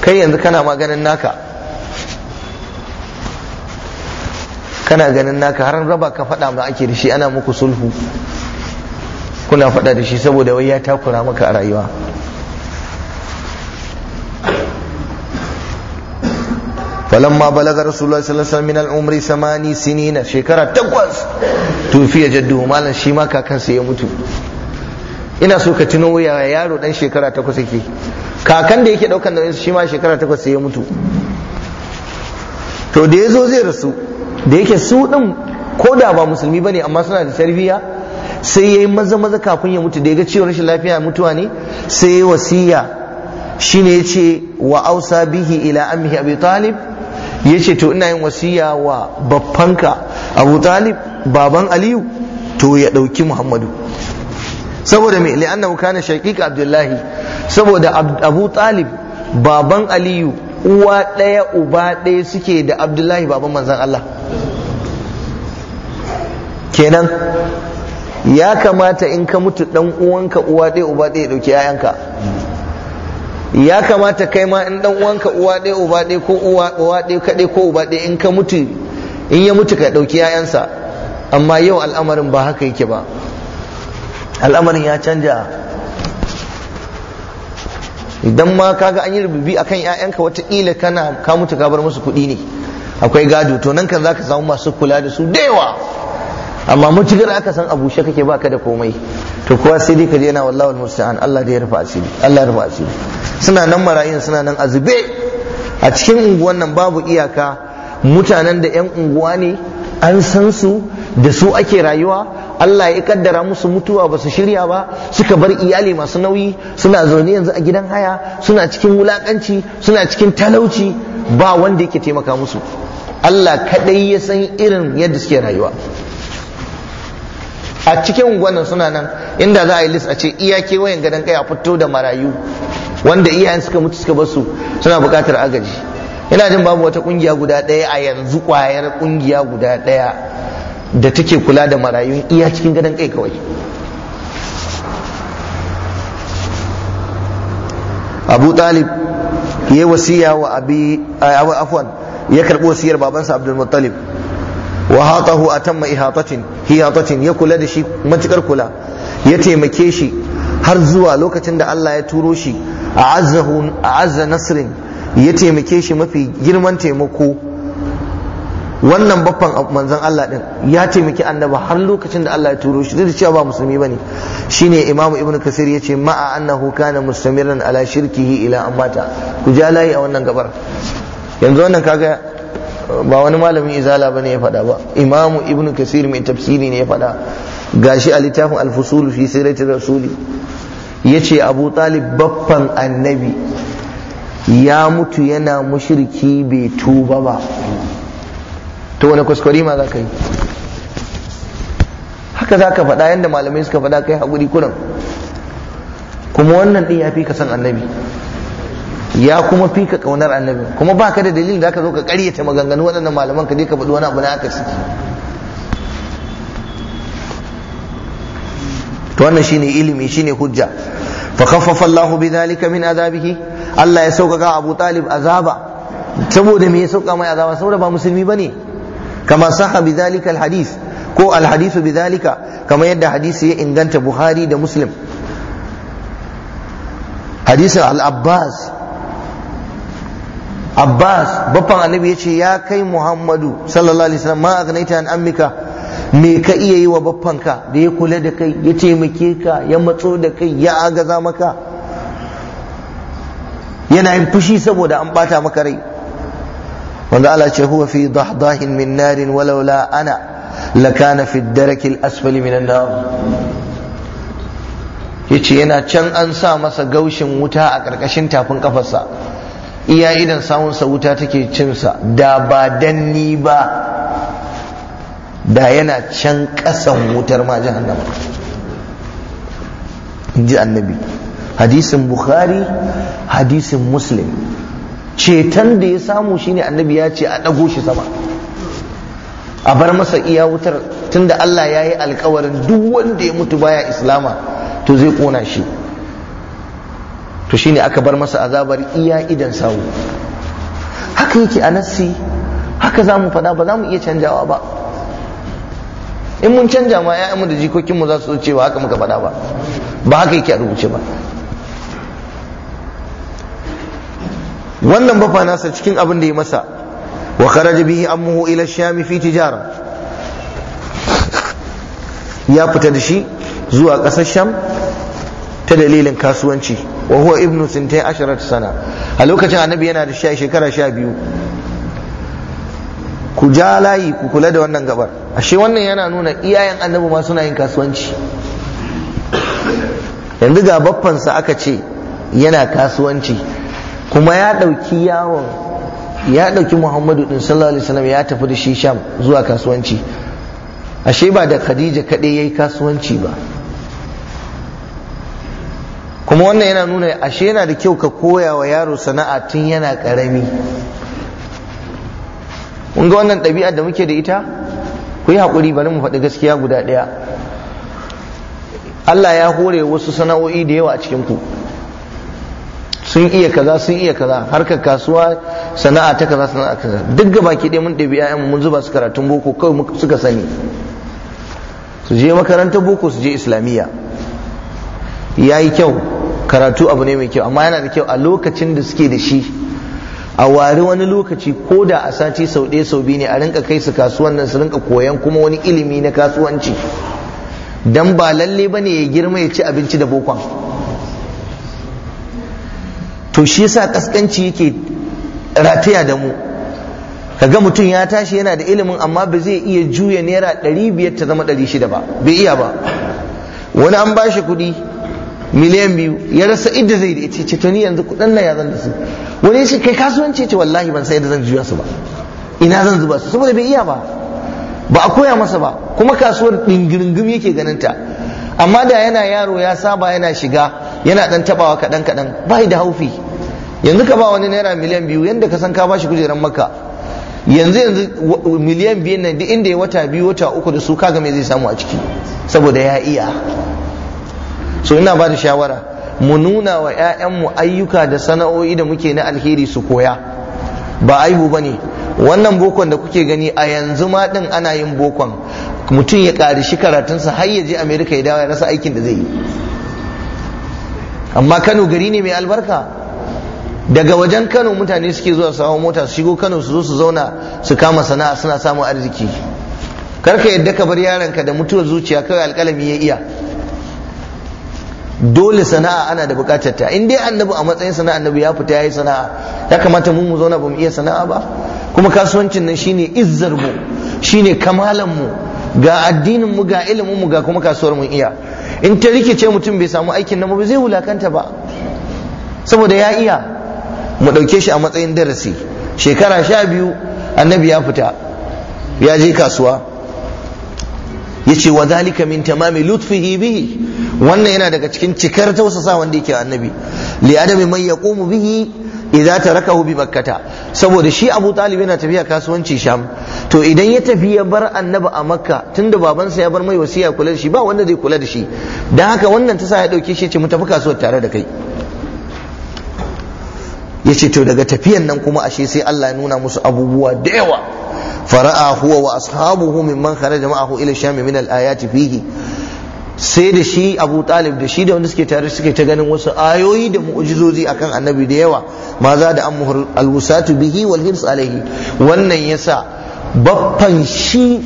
kai yanzu kana ma ganin naka kana ganin naka har raba ka faɗa ma ake da shi ana muku sulhu kuna faɗa da shi saboda wai ya takura maka a rayuwa فلما بلغ رسول الله صلى الله عليه وسلم من العمر ثماني سنين شكرا تقوز توفي جده مالا شيما كاكن سيموتو ina so ka tuno ya yaro dan shekara takwas yake kakan da yake daukan nauyin shi ma shekara takwas sai ya mutu to da yazo zai rasu da yake su din ko da ba musulmi bane amma suna da tarbiyya sai yayi maza maza kafin ya mutu da yaga cewa rashin lafiya mutuwa ne sai ya wasiya shine yace wa ausa bihi ila ammihi abi talib ya ce to ina yin wasiya wa baffanka abu talib baban aliyu to ya ɗauki muhammadu saboda mai li'annahu kana shaqiqa abdullahi saboda abu talib baban aliyu uwa ɗaya uba ɗaya suke da abdullahi baban manzan allah kenan ya kamata in ka mutu ɗan'uwanka uwanka uwa ɗaya uba ɗaya ya ɗauki 'ya'yanka ya kamata kai ma in dan uwanka uwa ɗaya uba ɗaya ko uwa uwa ɗaya kaɗai ko uba ɗaya in ka mutu in ya mutu ka ɗauki yayansa amma yau al'amarin ba haka yake ba al'amarin ya canja idan ma kaga an yi rububi akan yayanka watakila kana ka mutu ka bar musu kuɗi ne akwai gado to nan kan zaka samu masu kula da su da yawa amma mutukar aka san abu shi kake baka da komai to kuwa sai dai kaje yana wallahi musta'an Allah da ya rufa asiri Allah ya rufa asiri suna nan marayin suna nan azube a cikin unguwan nan babu iyaka mutanen da yan unguwa ne an san su da su ake rayuwa Allah ya kaddara musu mutuwa ba su shirya ba suka bar iyali masu nauyi suna zaune yanzu a gidan haya suna cikin wulakanci suna cikin talauci ba wanda yake taimaka musu Allah kadai ya san irin yadda suke rayuwa a cikin gwanin suna nan inda za a yi a ce iya kewayen gadon kai a fito da marayu wanda iyayen suka mutu suka basu suna buƙatar agaji ina jin babu wata ƙungiya guda ɗaya a yanzu ƙwayar ƙungiya guda ɗaya da take kula da marayun iya cikin gadon kai kawai abu talib ya wasiya wa abi afwan ya karɓi wasiyar babansa abdul wa hatahu atamma ihatatin hihatatin ya kula da shi matukar kula ya taimake shi har zuwa lokacin da Allah ya turo shi a azza nasrin ya taimake shi mafi girman taimako wannan babban manzon Allah din ya taimaki annabi har lokacin da Allah ya turo shi duk cewa ba musulmi bane shine imamu ibn kasir yace ma'a annahu kana mustamiran ala shirkihi ila amata ku ja layi a wannan gabar yanzu wannan kaga ba wani malamin izala bane ya faɗa ba imamu ibnu kasir mai tafsiri ne ya faɗa gashi a littafin al-fusul fi sirati rasuli yace abu talib baffan annabi ya mutu yana mushriki bai tuba ba to wani kuskure ma zaka yi haka zaka faɗa yanda malamai suka fada kai hakuri kuran kuma wannan din yafi ka san annabi ya kuma fi ka kaunar annabi kuma ba ka da dalilin da ka zo ka karyata maganganu waɗannan malaman ka je ka faɗi wani abu na aka ciki to wannan shine ilimi shine hujja fa khaffafa Allahu bidhalika min azabihi Allah ya sauƙaƙa Abu Talib azaba saboda me ya sauka mai azaba saboda ba musulmi bane kama saha bidhalika alhadith ko alhadith bidhalika kama yadda hadisi ya inganta Buhari da Muslim hadisin al-Abbas Abbas babban annabi ya ce ya kai Muhammadu sallallahu alaihi wasallam ma agnaita an ammika me ka iya yi wa ka da ya kula da kai ya taimake ka ya matso da kai ya agaza maka yana yin fushi saboda an bata maka rai wanda Allah ce huwa fi dahdahin min narin walaula ana lakana fi darakil asfali minan nar yace yana can an sa masa gaushin wuta a karkashin tafin kafarsa iya idan samun sa wuta take cinsa da ba danni ba da yana can ƙasan wutar ma jahannama in ji annabi hadisin bukhari hadisin muslim ceton da ya samu shine annabi ya ce a ɗago shi sama a bar masa iya wutar tunda Allah ya yi alkawarin duk wanda ya mutu baya islama to zai ƙona shi to shine aka bar masa azabar iya idan sawu haka yake a nassi haka za mu faɗa ba za mu iya canjawa ba in mun canja ma ya'yanmu da jikokinmu za su ce ba haka muka faɗa ba ba haka yake a rubuce ba wannan bafa nasa cikin abin da ya masa wa kharaja bihi ammuhu ila shami fi tijara ya fita da shi zuwa ƙasar ta dalilin kasuwanci wa huwa ibnu sintai asharat sana a lokacin annabi yana da shekara sha biyu ku ja layi ku kula da wannan gabar ashe wannan yana nuna iyayen annabi ma suna yin kasuwanci yanzu ga baffansa aka ce yana kasuwanci kuma ya ɗauki yawon ya ɗauki muhammadu ɗin sallallahu alaihi wasallam ya tafi da shi sham zuwa kasuwanci ashe ba da khadija kaɗai ya yi kasuwanci ba kuma wannan yana nuna ashe yana da kyau ka koya wa yaro sana'a tun yana karami kun ga wannan ɗabi'ar da muke da ita ku yi haƙuri bari mu faɗi gaskiya guda ɗaya Allah ya hore wasu sana'o'i da yawa a cikin ku sun iya kaza sun iya kaza harkar kasuwa sana'a ta kaza sana'a kaza duk gaba ke ɗaya mun ɗabi ƴaƴan mun zuba su karatun boko kawai suka sani su je makarantar boko su je islamiyya ya yi kyau karatu abu ne mai kyau amma yana da kyau a lokacin da suke da shi a wari wani lokaci ko da a sati sau ɗaya sau biyu ne a rinka kai su kasuwan nan su rinka koyan kuma wani ilimi na kasuwanci dan ba lalle ba ne ya girma ya ci abinci da bokon to shi yasa kaskanci yake rataya da mu Ka ga mutum ya tashi yana da ilimin amma ba zai iya juya naira ɗari biyar ta zama ɗari shida ba bai iya ba wani an ba shi kuɗi miliyan biyu ya rasa idda zai da ce to yanzu kudin na ya zan da su wani shi kai kasuwanci ce wallahi ban sai da zan juya su ba ina zan zuba su saboda bai iya ba ba a koya masa ba kuma kasuwar dingiringim yake ganin ta amma da yana yaro ya saba yana shiga yana dan tabawa kadan kadan bai da haufi yanzu ka ba wani naira miliyan biyu yanda ka san ka bashi kujeran maka yanzu yanzu miliyan biyu nan duk inda ya wata biyu wata uku da su kaga me zai samu a ciki saboda ya iya so ina ba da shawara mu nuna wa 'ya'yanmu ayyuka da sana'o'i da muke na alheri su koya ba aihu ba ne wannan bokon da kuke gani a yanzu ma ana yin bokon mutum ya ƙari shi karatunsa har ya je amerika ya dawo ya rasa aikin da zai yi amma kano gari ne mai albarka daga wajen kano mutane suke zuwa su mota su shigo kano su zo su zauna su kama sana'a suna samun arziki karka yadda ka bar yaranka da mutuwar zuciya kawai alƙalami ya iya dole sana'a ana da bukatar ta in dai annabi a matsayin sana'a annabi ya fita yayi sana'a ya kamata mu mu zauna ba mu iya sana'a ba kuma kasuwancin nan shine izzar mu shine kamalan mu ga addinin mu ga ilimin mu ga kuma kasuwar mu iya in ta rikice mutum bai samu aikin nan ba zai wulakanta ba saboda ya iya mu dauke shi a matsayin darasi shekara sha biyu annabi ya fita ya je kasuwa yace wa zalika min tamami lutfihi bihi wannan yana daga cikin cikar tausasa wanda yake annabi li adami man yaqumu bihi idza tarakahu bi makkata saboda shi Abu Talib yana tafiya kasuwanci Sham to idan ya tafi ya bar annabi a Makka tunda babansa ya bar mai wasiya kula da shi ba wanda zai kula da shi dan haka wannan ta sa ya dauke shi ce mu tafi kasuwar tare da kai yace to daga tafiyan nan kuma ashe sai Allah ya nuna musu abubuwa da yawa fara'a huwa wa ashabuhu mimman kharaja ma'ahu ila sham min al-ayati fihi sai da shi Abu Talib da shi da wanda suke tare suke ta ganin wasu ayoyi da mu'jizozi akan annabi da yawa ma za da amhur al-wusatu bihi wal hirs alaihi wannan yasa baffan shi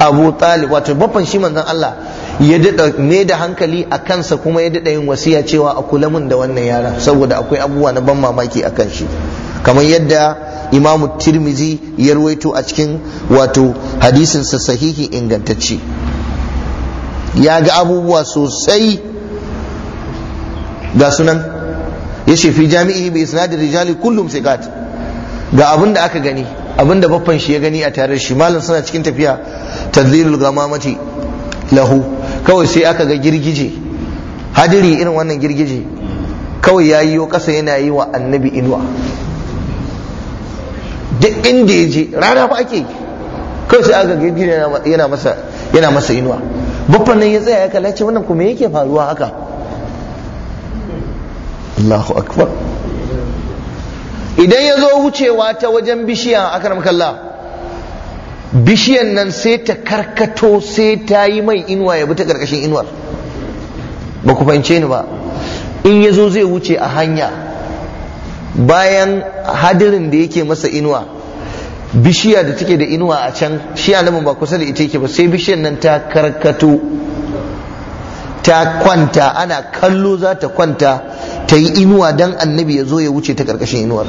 Abu Talib wato baffan shi manzon Allah ya dada ne da hankali a kansa kuma ya dada yin wasiya cewa a kula mun da wannan yaran saboda akwai abubuwa na ban mamaki akan shi kamar yadda imamu tirmizi ya ruwaito a cikin wato hadisinsa sa sahihi ingantacce ya ga abubuwa sosai ga sunan ya fi jami'i bi isnadin rijali kullum sigat ga abin da aka gani abin da baffan shi ya gani a tare shi malam suna cikin tafiya tadlilul gamamati lahu kawai sai aka ga girgije hadiri irin wannan girgije kawai ya wa ƙasa yana yi wa annabi inuwa duk inda ya je rana fa ake kawai sai aka gina yana masa yana masa inuwa babban nan ya tsaya ya kalla ce wannan kuma yake faruwa haka Allahu akbar idan ya zo wucewa ta wajen bishiya akaram kalla bishiyan nan sai ta karkato sai ta yi mai inuwa ya bi ta karkashin inuwar ba ku fahimce ni ba in ya zo zai wuce a hanya bayan hadirin da yake masa inuwa bishiya da take da inuwa a can shi alamun ba kusa da ita yake ba sai bishiyar nan ta karkato ta kwanta ana kallo za ta kwanta ta yi inuwa don annabi ya zo ya wuce ta karkashin inuwar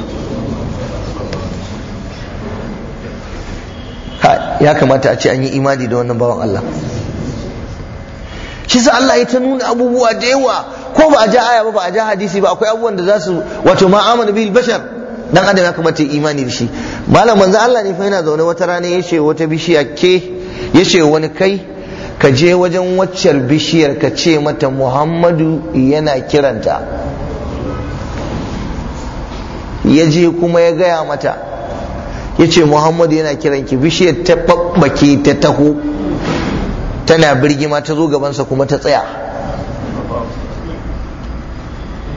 ya kamata a ce an yi imani da wannan bawan Allah shi sa Allah ya ta nuna abubuwa da yawa ko ba a ja aya ba ba a ja hadisi ba akwai abubuwan da za su wato ma amana bil bashar dan adam ya kamata imani da shi malam manzo Allah ne fa yana zaune wata rana ya ce wata bishiya ke ya ce wani kai ka je wajen waccar bishiyar ka ce mata Muhammadu yana kiranta ya je kuma ya gaya mata ya ce Muhammadu yana kiranki bishiyar ta babbake ta taho tana birgima ta zo gabansa kuma ta tsaya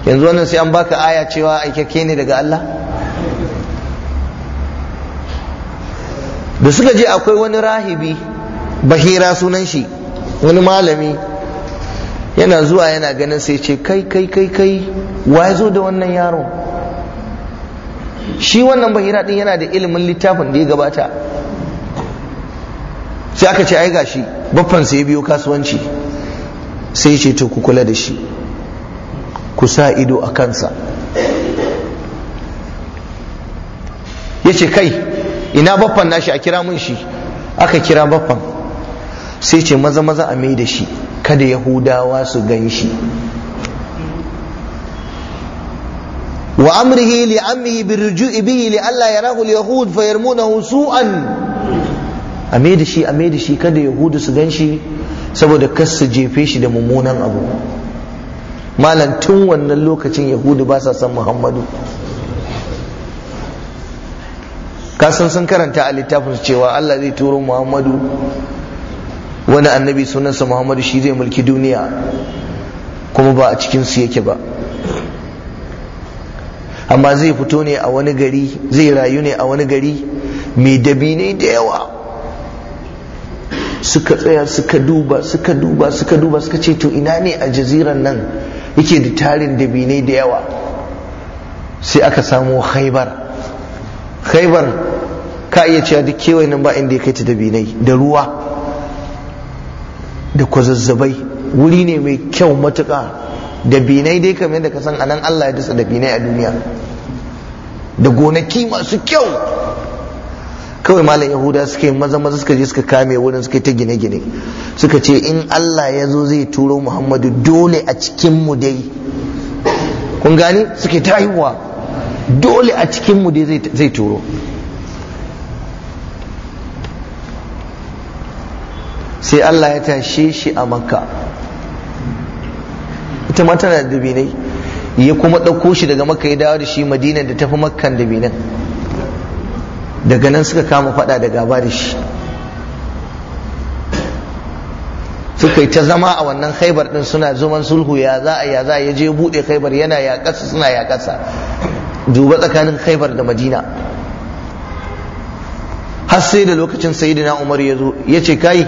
yanzu wannan sai an baka aya cewa aikake ne daga Allah da suka je akwai wani rahibi bahira sunan shi wani malami yana zuwa yana ganin sai ce kai kai kai kai wa zo da wannan yaro shi wannan bahira din yana da ilimin littafin da ya gabata sai aka ce ai gashi baffan sai biyo kasuwanci sai ce to ku kula da shi ku sa ido a kansa ya ce kai ina baffan nashi a kira mun shi aka kira baffan sai ce maza maza a mai da shi kada yahudawa su gan shi wa amrihi li amrihi bi ruju'i bihi li alla yarahu al yahud fa yarmunahu su'an a mai da shi a mai da shi kada yahudu su ganshi saboda kas su jefe shi da mummunan abu malam tun wannan lokacin yahudu ba sa son muhammadu kasan sun karanta a littafin cewa allah zai turo muhammadu wani annabi sunansa muhammadu shi zai mulki duniya kuma ba a cikinsu yake ba amma zai fito ne a wani gari zai rayu ne a wani gari mai dabinai da yawa suka tsaya suka duba suka duba suka duba suka ce to ina ne a jaziran nan yake da tarin dabinai da yawa sai aka samo khaibar khaibar ka iya cewa duk kewaye nan ba inda ya kai ta dabinai da ruwa da kwazazzabai wuri ne mai kyau matuƙa dabinai dai kamar yadda ka san anan Allah ya dasa dabinai a duniya da gonaki masu kyau kawai malam yahuda suka yi maza maza suka je suka kame wurin suka yi ta gine gine suka ce in Allah ya zo zai turo Muhammadu dole a cikin mu dai kun gani suke ta haihuwa dole a cikin mu dai zai turo sai Allah ya tashe shi a makka ita ma tana da dabinai ya kuma ɗauko shi daga makka ya dawo da shi madinan da tafi makkan dabinan daga nan suka kama fada da gaba da shi suka yi ta zama a wannan khaibar din suna zuman sulhu ya za a ya za a ya je bude khaibar yana ya kasa suna ya kasa duba tsakanin khaibar da madina har sai da lokacin sayyidina umar ya zo ya ce kai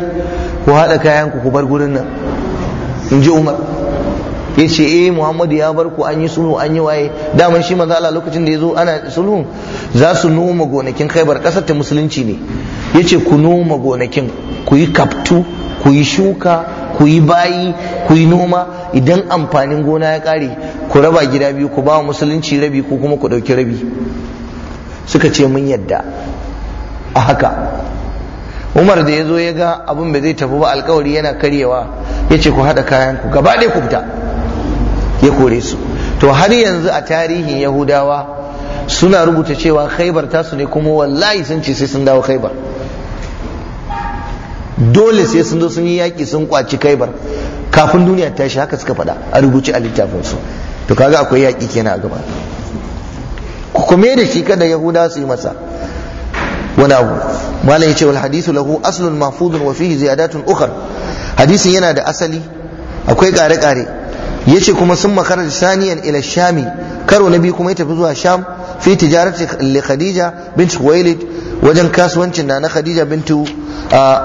ku haɗa kayanku ku bar gurin nan in ji umar ya ce eh muhammadu ya bar ku an yi sulhu an yi waye daman shi manzo Allah lokacin da ya zo ana sulhu za su noma gonakin khaibar kasar ta musulunci ne ya ce ku noma gonakin ku yi kaftu ku yi shuka ku yi bayi ku yi noma idan amfanin gona ya kare ku raba gida biyu ku ba musulunci rabi ko kuma ku ɗauki rabi suka ce mun yadda a haka umar da ya zo ya ga abin bai zai tafi ba alkawari yana karyewa ya ce ku haɗa kayan ku gaba ɗaya ku fita ya kore su to har yanzu a tarihin yahudawa suna rubuta cewa khaibar tasu ne kuma wallahi sun ce sai sun dawo khaibar dole sai sun zo sun yi yaƙi sun kwaci khaibar kafin duniya ta shi haka suka faɗa a rubuce a littafin su to kaga akwai yaƙi kenan a gaba ku kuma da shi kada Yahuda su yi masa wani abu malam ce wal hadithu lahu aslun mahfudun wa fihi ziyadatun ukhra hadisin yana da asali akwai kare-kare yace kuma sun makara saniyan ila shami karo na biyu kuma ya tafi zuwa sham fi tijarati li khadija bint khuwailid wajen kasuwancin na na khadija bintu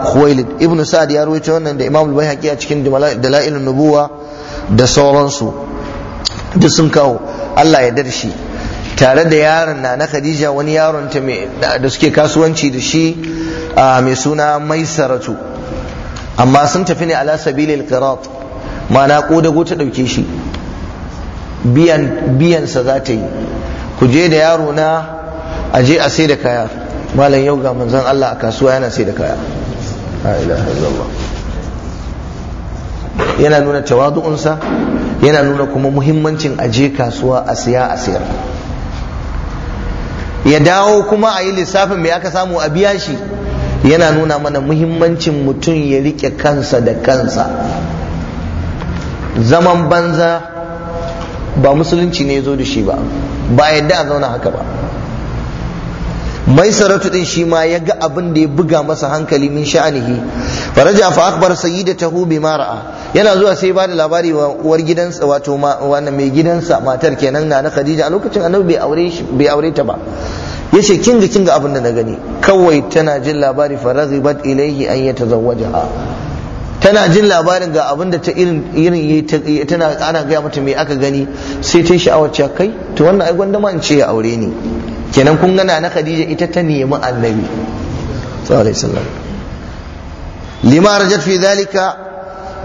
khuwailid ibn sa'ad ya rawaito wannan da imam al-baihaqi a cikin dalailun nubuwa da sauransu duk sun kawo Allah ya darshi tare da yaron na na khadija wani yaron ta da suke kasuwanci da shi mai suna maisaratu amma sun tafi ne ala sabilil qirat ma'ana dago ta ɗauke shi biyansa za ta yi ku je da yaro na a je a sai da kaya malam yau ga manzon Allah a kasuwa yana sai da kaya yana nuna tawadu'unsa yana nuna kuma muhimmancin a je kasuwa a siya a siyar ya dawo kuma a yi lissafin me aka samu a biya shi yana nuna mana muhimmancin mutum ya rike kansa da kansa zaman banza ba musulunci ne zo da shi ba ba yadda a zauna haka ba mai saratu din shi ma ya ga abin da ya buga masa hankali min sha'anihi faraja fa akbar sayyidatahu bima ra'a yana zuwa sai ba da labari wa uwar gidansa wato wannan mai gidansa matar kenan na Khadija a lokacin annabi bai aure bai aure ta ba yace kinga kinga abin da na gani kawai tana jin labari faraghibat ilayhi an yatazawwajaha tana jin labarin ga abin da ta irin irin tana ana gaya mata me aka gani sai ta sha'awar cewa kai to wannan ai gwandama in ce ya aure ni kenan kun gana na Khadija ita ta nemi annabi sallallahu alaihi wasallam lima rajat fi dhalika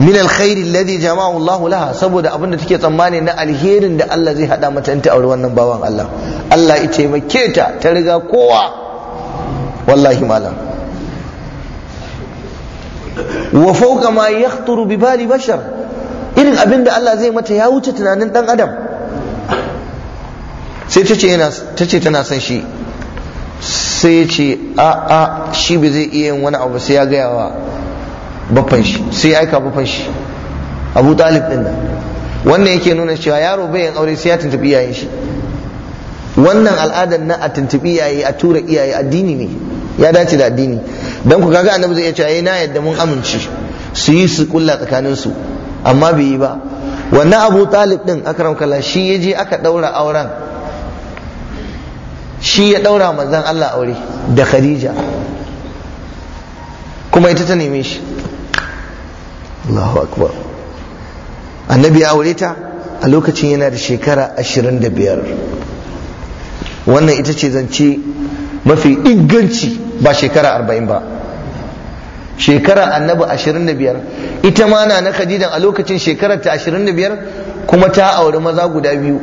min alkhair alladhi jama'a Allah laha saboda abin da take tsammani na alherin da Allah zai hada mata in ta aure wannan bawan Allah Allah ya taimake ta ta riga kowa wallahi malam wa fawqa ma yakhturu bi bali bashar irin abinda Allah zai mata ya wuce tunanin dan adam sai ta ce tace tana son shi sai ya ce a a shi ba zai iya yin wani abu sai ya gaya wa baffan shi sai ya aika baffan shi abu talib din nan wannan yake nuna cewa yaro bai yin aure sai ya tuntubi iyayen shi wannan al'adar na a tuntubi iyaye a tura iyaye addini ne ya dace da addini don ku kaga annabi zai iya cewa eh, na yadda mun amince su yi su kulla tsakanin su amma bai yi ba wannan abu talib din akram kala shi ya je aka daura auren shi ya daura manzon Allah aure da khadija kuma ita ta neme shi Allahu akbar annabi aure ta a lokacin yana da shekara ashirin da biyar wannan ita ce zance mafi inganci ba shekara arba'in ba shekara annabi ashirin da biyar ita ma na na khadijan a lokacin shekarar ta ashirin da biyar kuma ta auri maza guda biyu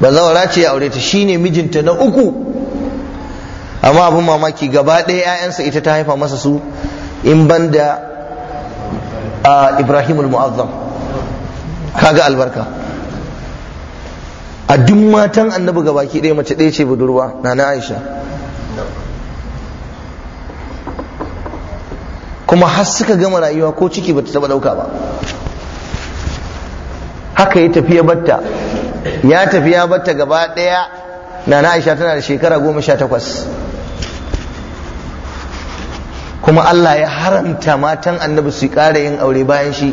ba zawara ce ya aure ta shine mijinta na uku amma abin mamaki gaba ɗaya 'ya'yansa ita ta haifa masa su in banda ibrahimul mu'azzam kaga albarka a duk matan annabi ga baki ɗaya mace ɗaya ce budurwa na na aisha kuma har suka gama rayuwa ko ciki bata taba ɗauka ba haka ya tafi ya batta ya tafi ya batta gaba na na aisha tana da shekara goma sha takwas kuma Allah ya haramta matan annabi su ƙara yin aure bayan shi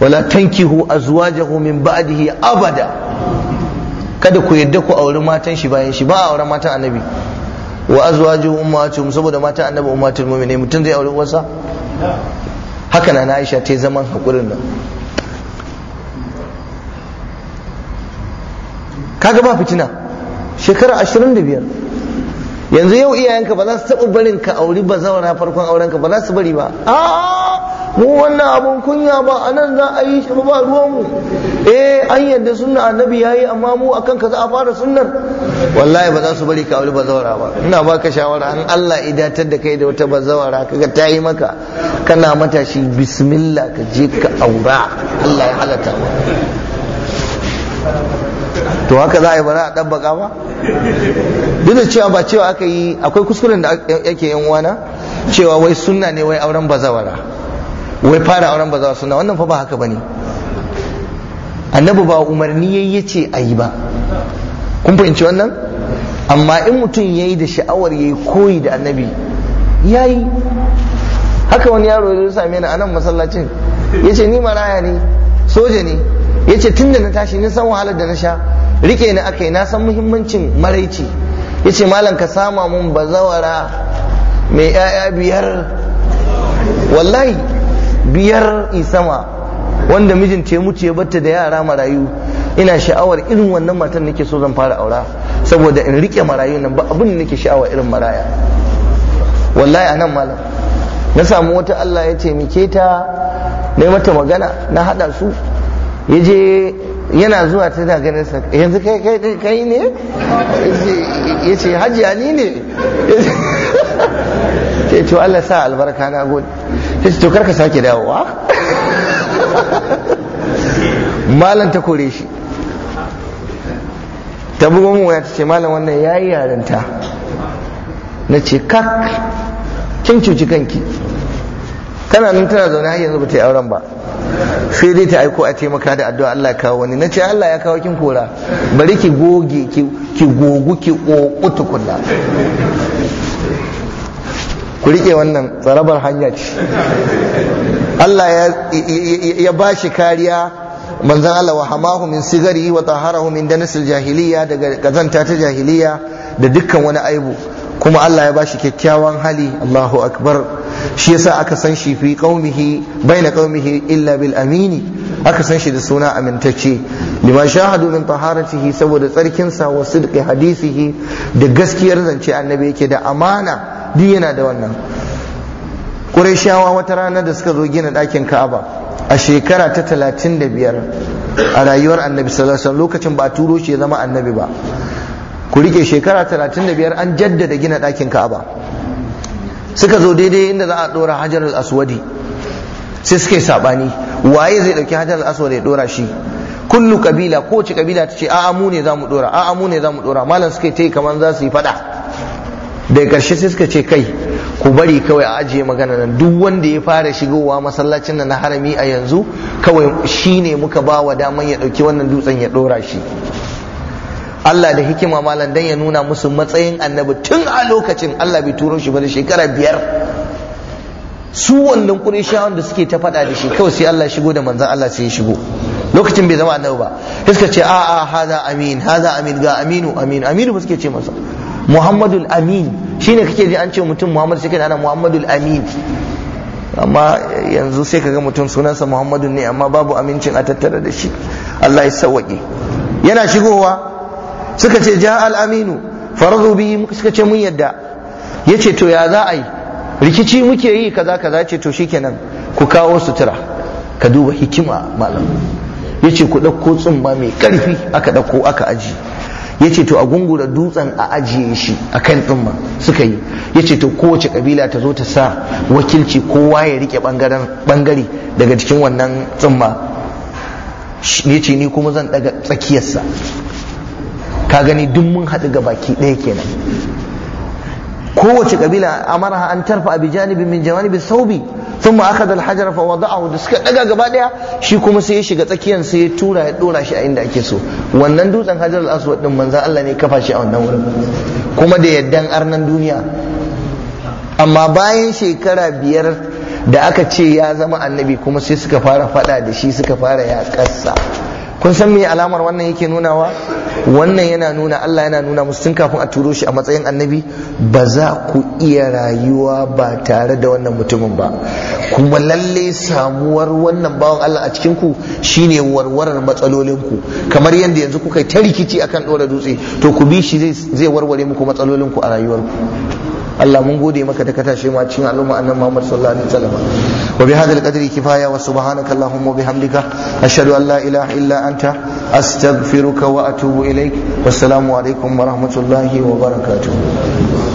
wala tankihu azwajahu min ba'dihi abada kada ku yadda ku auri matan shi bayan shi ba a auren matan annabi wa azwaju ummatuhum saboda matan annabi ummatul mu'mini mutum zai auri uwarsa haka na Aisha ta zaman hakurin nan kaga ba fitina shekara 25 yanzu yau iyayenka ba za su taɓa barin ka auri ba zaura farkon aurenka ba za su bari ba mu wannan abun kunya ba a nan za a yi shi ba ruwanmu eh an yadda sunna annabi yayi amma mu akan ka za a fara sunnar wallahi ba za su bari ka wani bazawara ba ina baka shawara an Allah idatar da kai da wata bazawara kaga ta yi maka kana matashi bismillah ka je ka aura Allah ya halatta ma to haka za a yi bara a ɗabbaka ba duk da cewa ba cewa aka yi akwai kuskuren da yake yan uwana cewa wai sunna ne wai auren bazawara wai fara auren ba suna wannan fa ba haka bane annabi ba umarni yayi yace ayi ba kun fahimci wannan amma in mutum yayi da sha'awar yayi koyi da annabi yayi haka wani yaro ya same ni anan nan masallacin yace ni maraya ne soja ne yace tunda na tashi ni san wahalar da na sha rike ni akai na san muhimmancin maraici yace malam ka sama mun bazawara mai 'ya'ya biyar wallahi biyar isama wanda mijin ce mutu ya batta da yara marayu ina sha'awar irin wannan matan nake so zan fara aura saboda in rike marayu nan ba abin da nake sha'awa irin maraya wallahi anan malam na samu wata Allah ya ce mike ta na mata magana na hada su yaje yana zuwa da ganin sa yanzu kai kai kai ne ya hajiya ni ne sai to Allah sa albarka na gode sai to karka sake dawowa malam ta kore shi ta bugo mun waya ta ce malam wannan yayi yarinta na ce kak kin cuci kanki kana nan tana zaune har yanzu ba ta yi auren ba sai dai ta aiko a taimaka da addu'a Allah kawo wani na ce Allah ya kawo kin kora bari ki goge ki gogu ki ƙoƙu tukunna ku rike wannan tsarabar hanya ce Allah ya ba shi kariya manzan Allah wa hamahu min sigari wa taharahu min danasil jahiliya daga kazanta ta jahiliya da dukkan wani aibu kuma Allah ya ba shi kyakkyawan hali Allahu akbar shi yasa aka san shi fi qaumihi baina qaumihi illa bil amini aka san shi da suna amintacce lima shahadu min taharatihi saboda tsarkinsa wa sidqi hadisihi da gaskiyar zance annabi yake da amana duk yana da wannan ƙurashawa wata rana da suka zo gina ɗakin ka'aba a shekara ta talatin da biyar a rayuwar annabi sallallahu lokacin ba a turo shi ya zama annabi ba ku rike shekara talatin da biyar an jaddada gina ɗakin ka'aba suka zo daidai inda za a ɗora hajar aswadi sai suka yi saɓani waye zai ɗauki hajar aswadi ya ɗora shi kullu kabila kowace kabila ta ce a'a mu ne za mu ɗora a'a mu ne za mu ɗora malam suka yi ta kamar za su yi faɗa daga ƙarshe sai suka ce kai ku bari kawai a ajiye magana nan duk wanda ya fara shigowa masallacin nan na harami a yanzu kawai shi ne muka ba wa daman ya ɗauki wannan dutsen ya ɗora shi Allah da hikima malam dan ya nuna musu matsayin annabi tun a lokacin Allah bai turo shi ba da shekara biyar su wannan ƙurishawan da suke ta faɗa da shi kawai sai Allah shigo da manzan Allah sai ya shigo lokacin bai zama annabi ba suka ce a'a haza amin haza amin ga aminu amin aminu ba suke ce masa muhammadul amin shi ne kake ji an ce mutum muhammad shi ka ana muhammadul amin amma yanzu sai kaga mutum sunansa muhammadu ne amma babu amincin a tattare da shi Allah ya sawwaƙe yana shigowa suka ce ja al-aminu faradu bi suka ce mun yadda yace to ya za a yi rikici muke yi kaza kaza ce to shikenan ku kawo sutura ka duba hikima malam yace ku ɗauko tsumma mai karfi aka ɗauko aka aji ya ce to a gungura dutsen a ajiye shi a kan tsumma suka yi ya ce to kowace kabila ta zo ta sa wakilci kowa ya rike bangare daga cikin wannan tsumma ya ce ni kuma zan daga tsakiyarsa ka gani duk mun haɗu ga baki ɗaya kenan kowace kabila amara an tarfa abijani bin min bin saubi Tun akhadha al-hajara fa da suka daga gaba daya shi kuma sai ya shiga tsakiyar sai ya tura ya dora shi a inda ake so wannan dutsen hajar al-aswad din manzon Allah ne kafa shi a wannan wurin kuma da yaddan arnan duniya amma bayan shekara biyar da aka ce ya zama annabi kuma sai suka fara fada da shi suka fara yaƙarsa kun san me alamar wannan yake nunawa wannan yana nuna Allah yana nuna musu tun kafin a turo shi a matsayin annabi ba za ku iya rayuwa ba tare da wannan mutumin ba kuma lalle samuwar wannan bawan Allah a cikin ku shine warwarar matsalolin ku kamar yadda yanzu kuka ta rikici akan dora dutse to ku bi shi zai warware muku matsalolin ku a rayuwar ku Allah mun gode maka da ka tashe mu a cikin al'umma annabi Muhammad sallallahu alaihi wasallam wa bi hadha qadri kifaya wa subhanaka allahumma bihamdika ashhadu an la ilaha illa anta astaghfiruka wa atubu ilaik wassalamu alaikum wa rahmatullahi wa barakatuh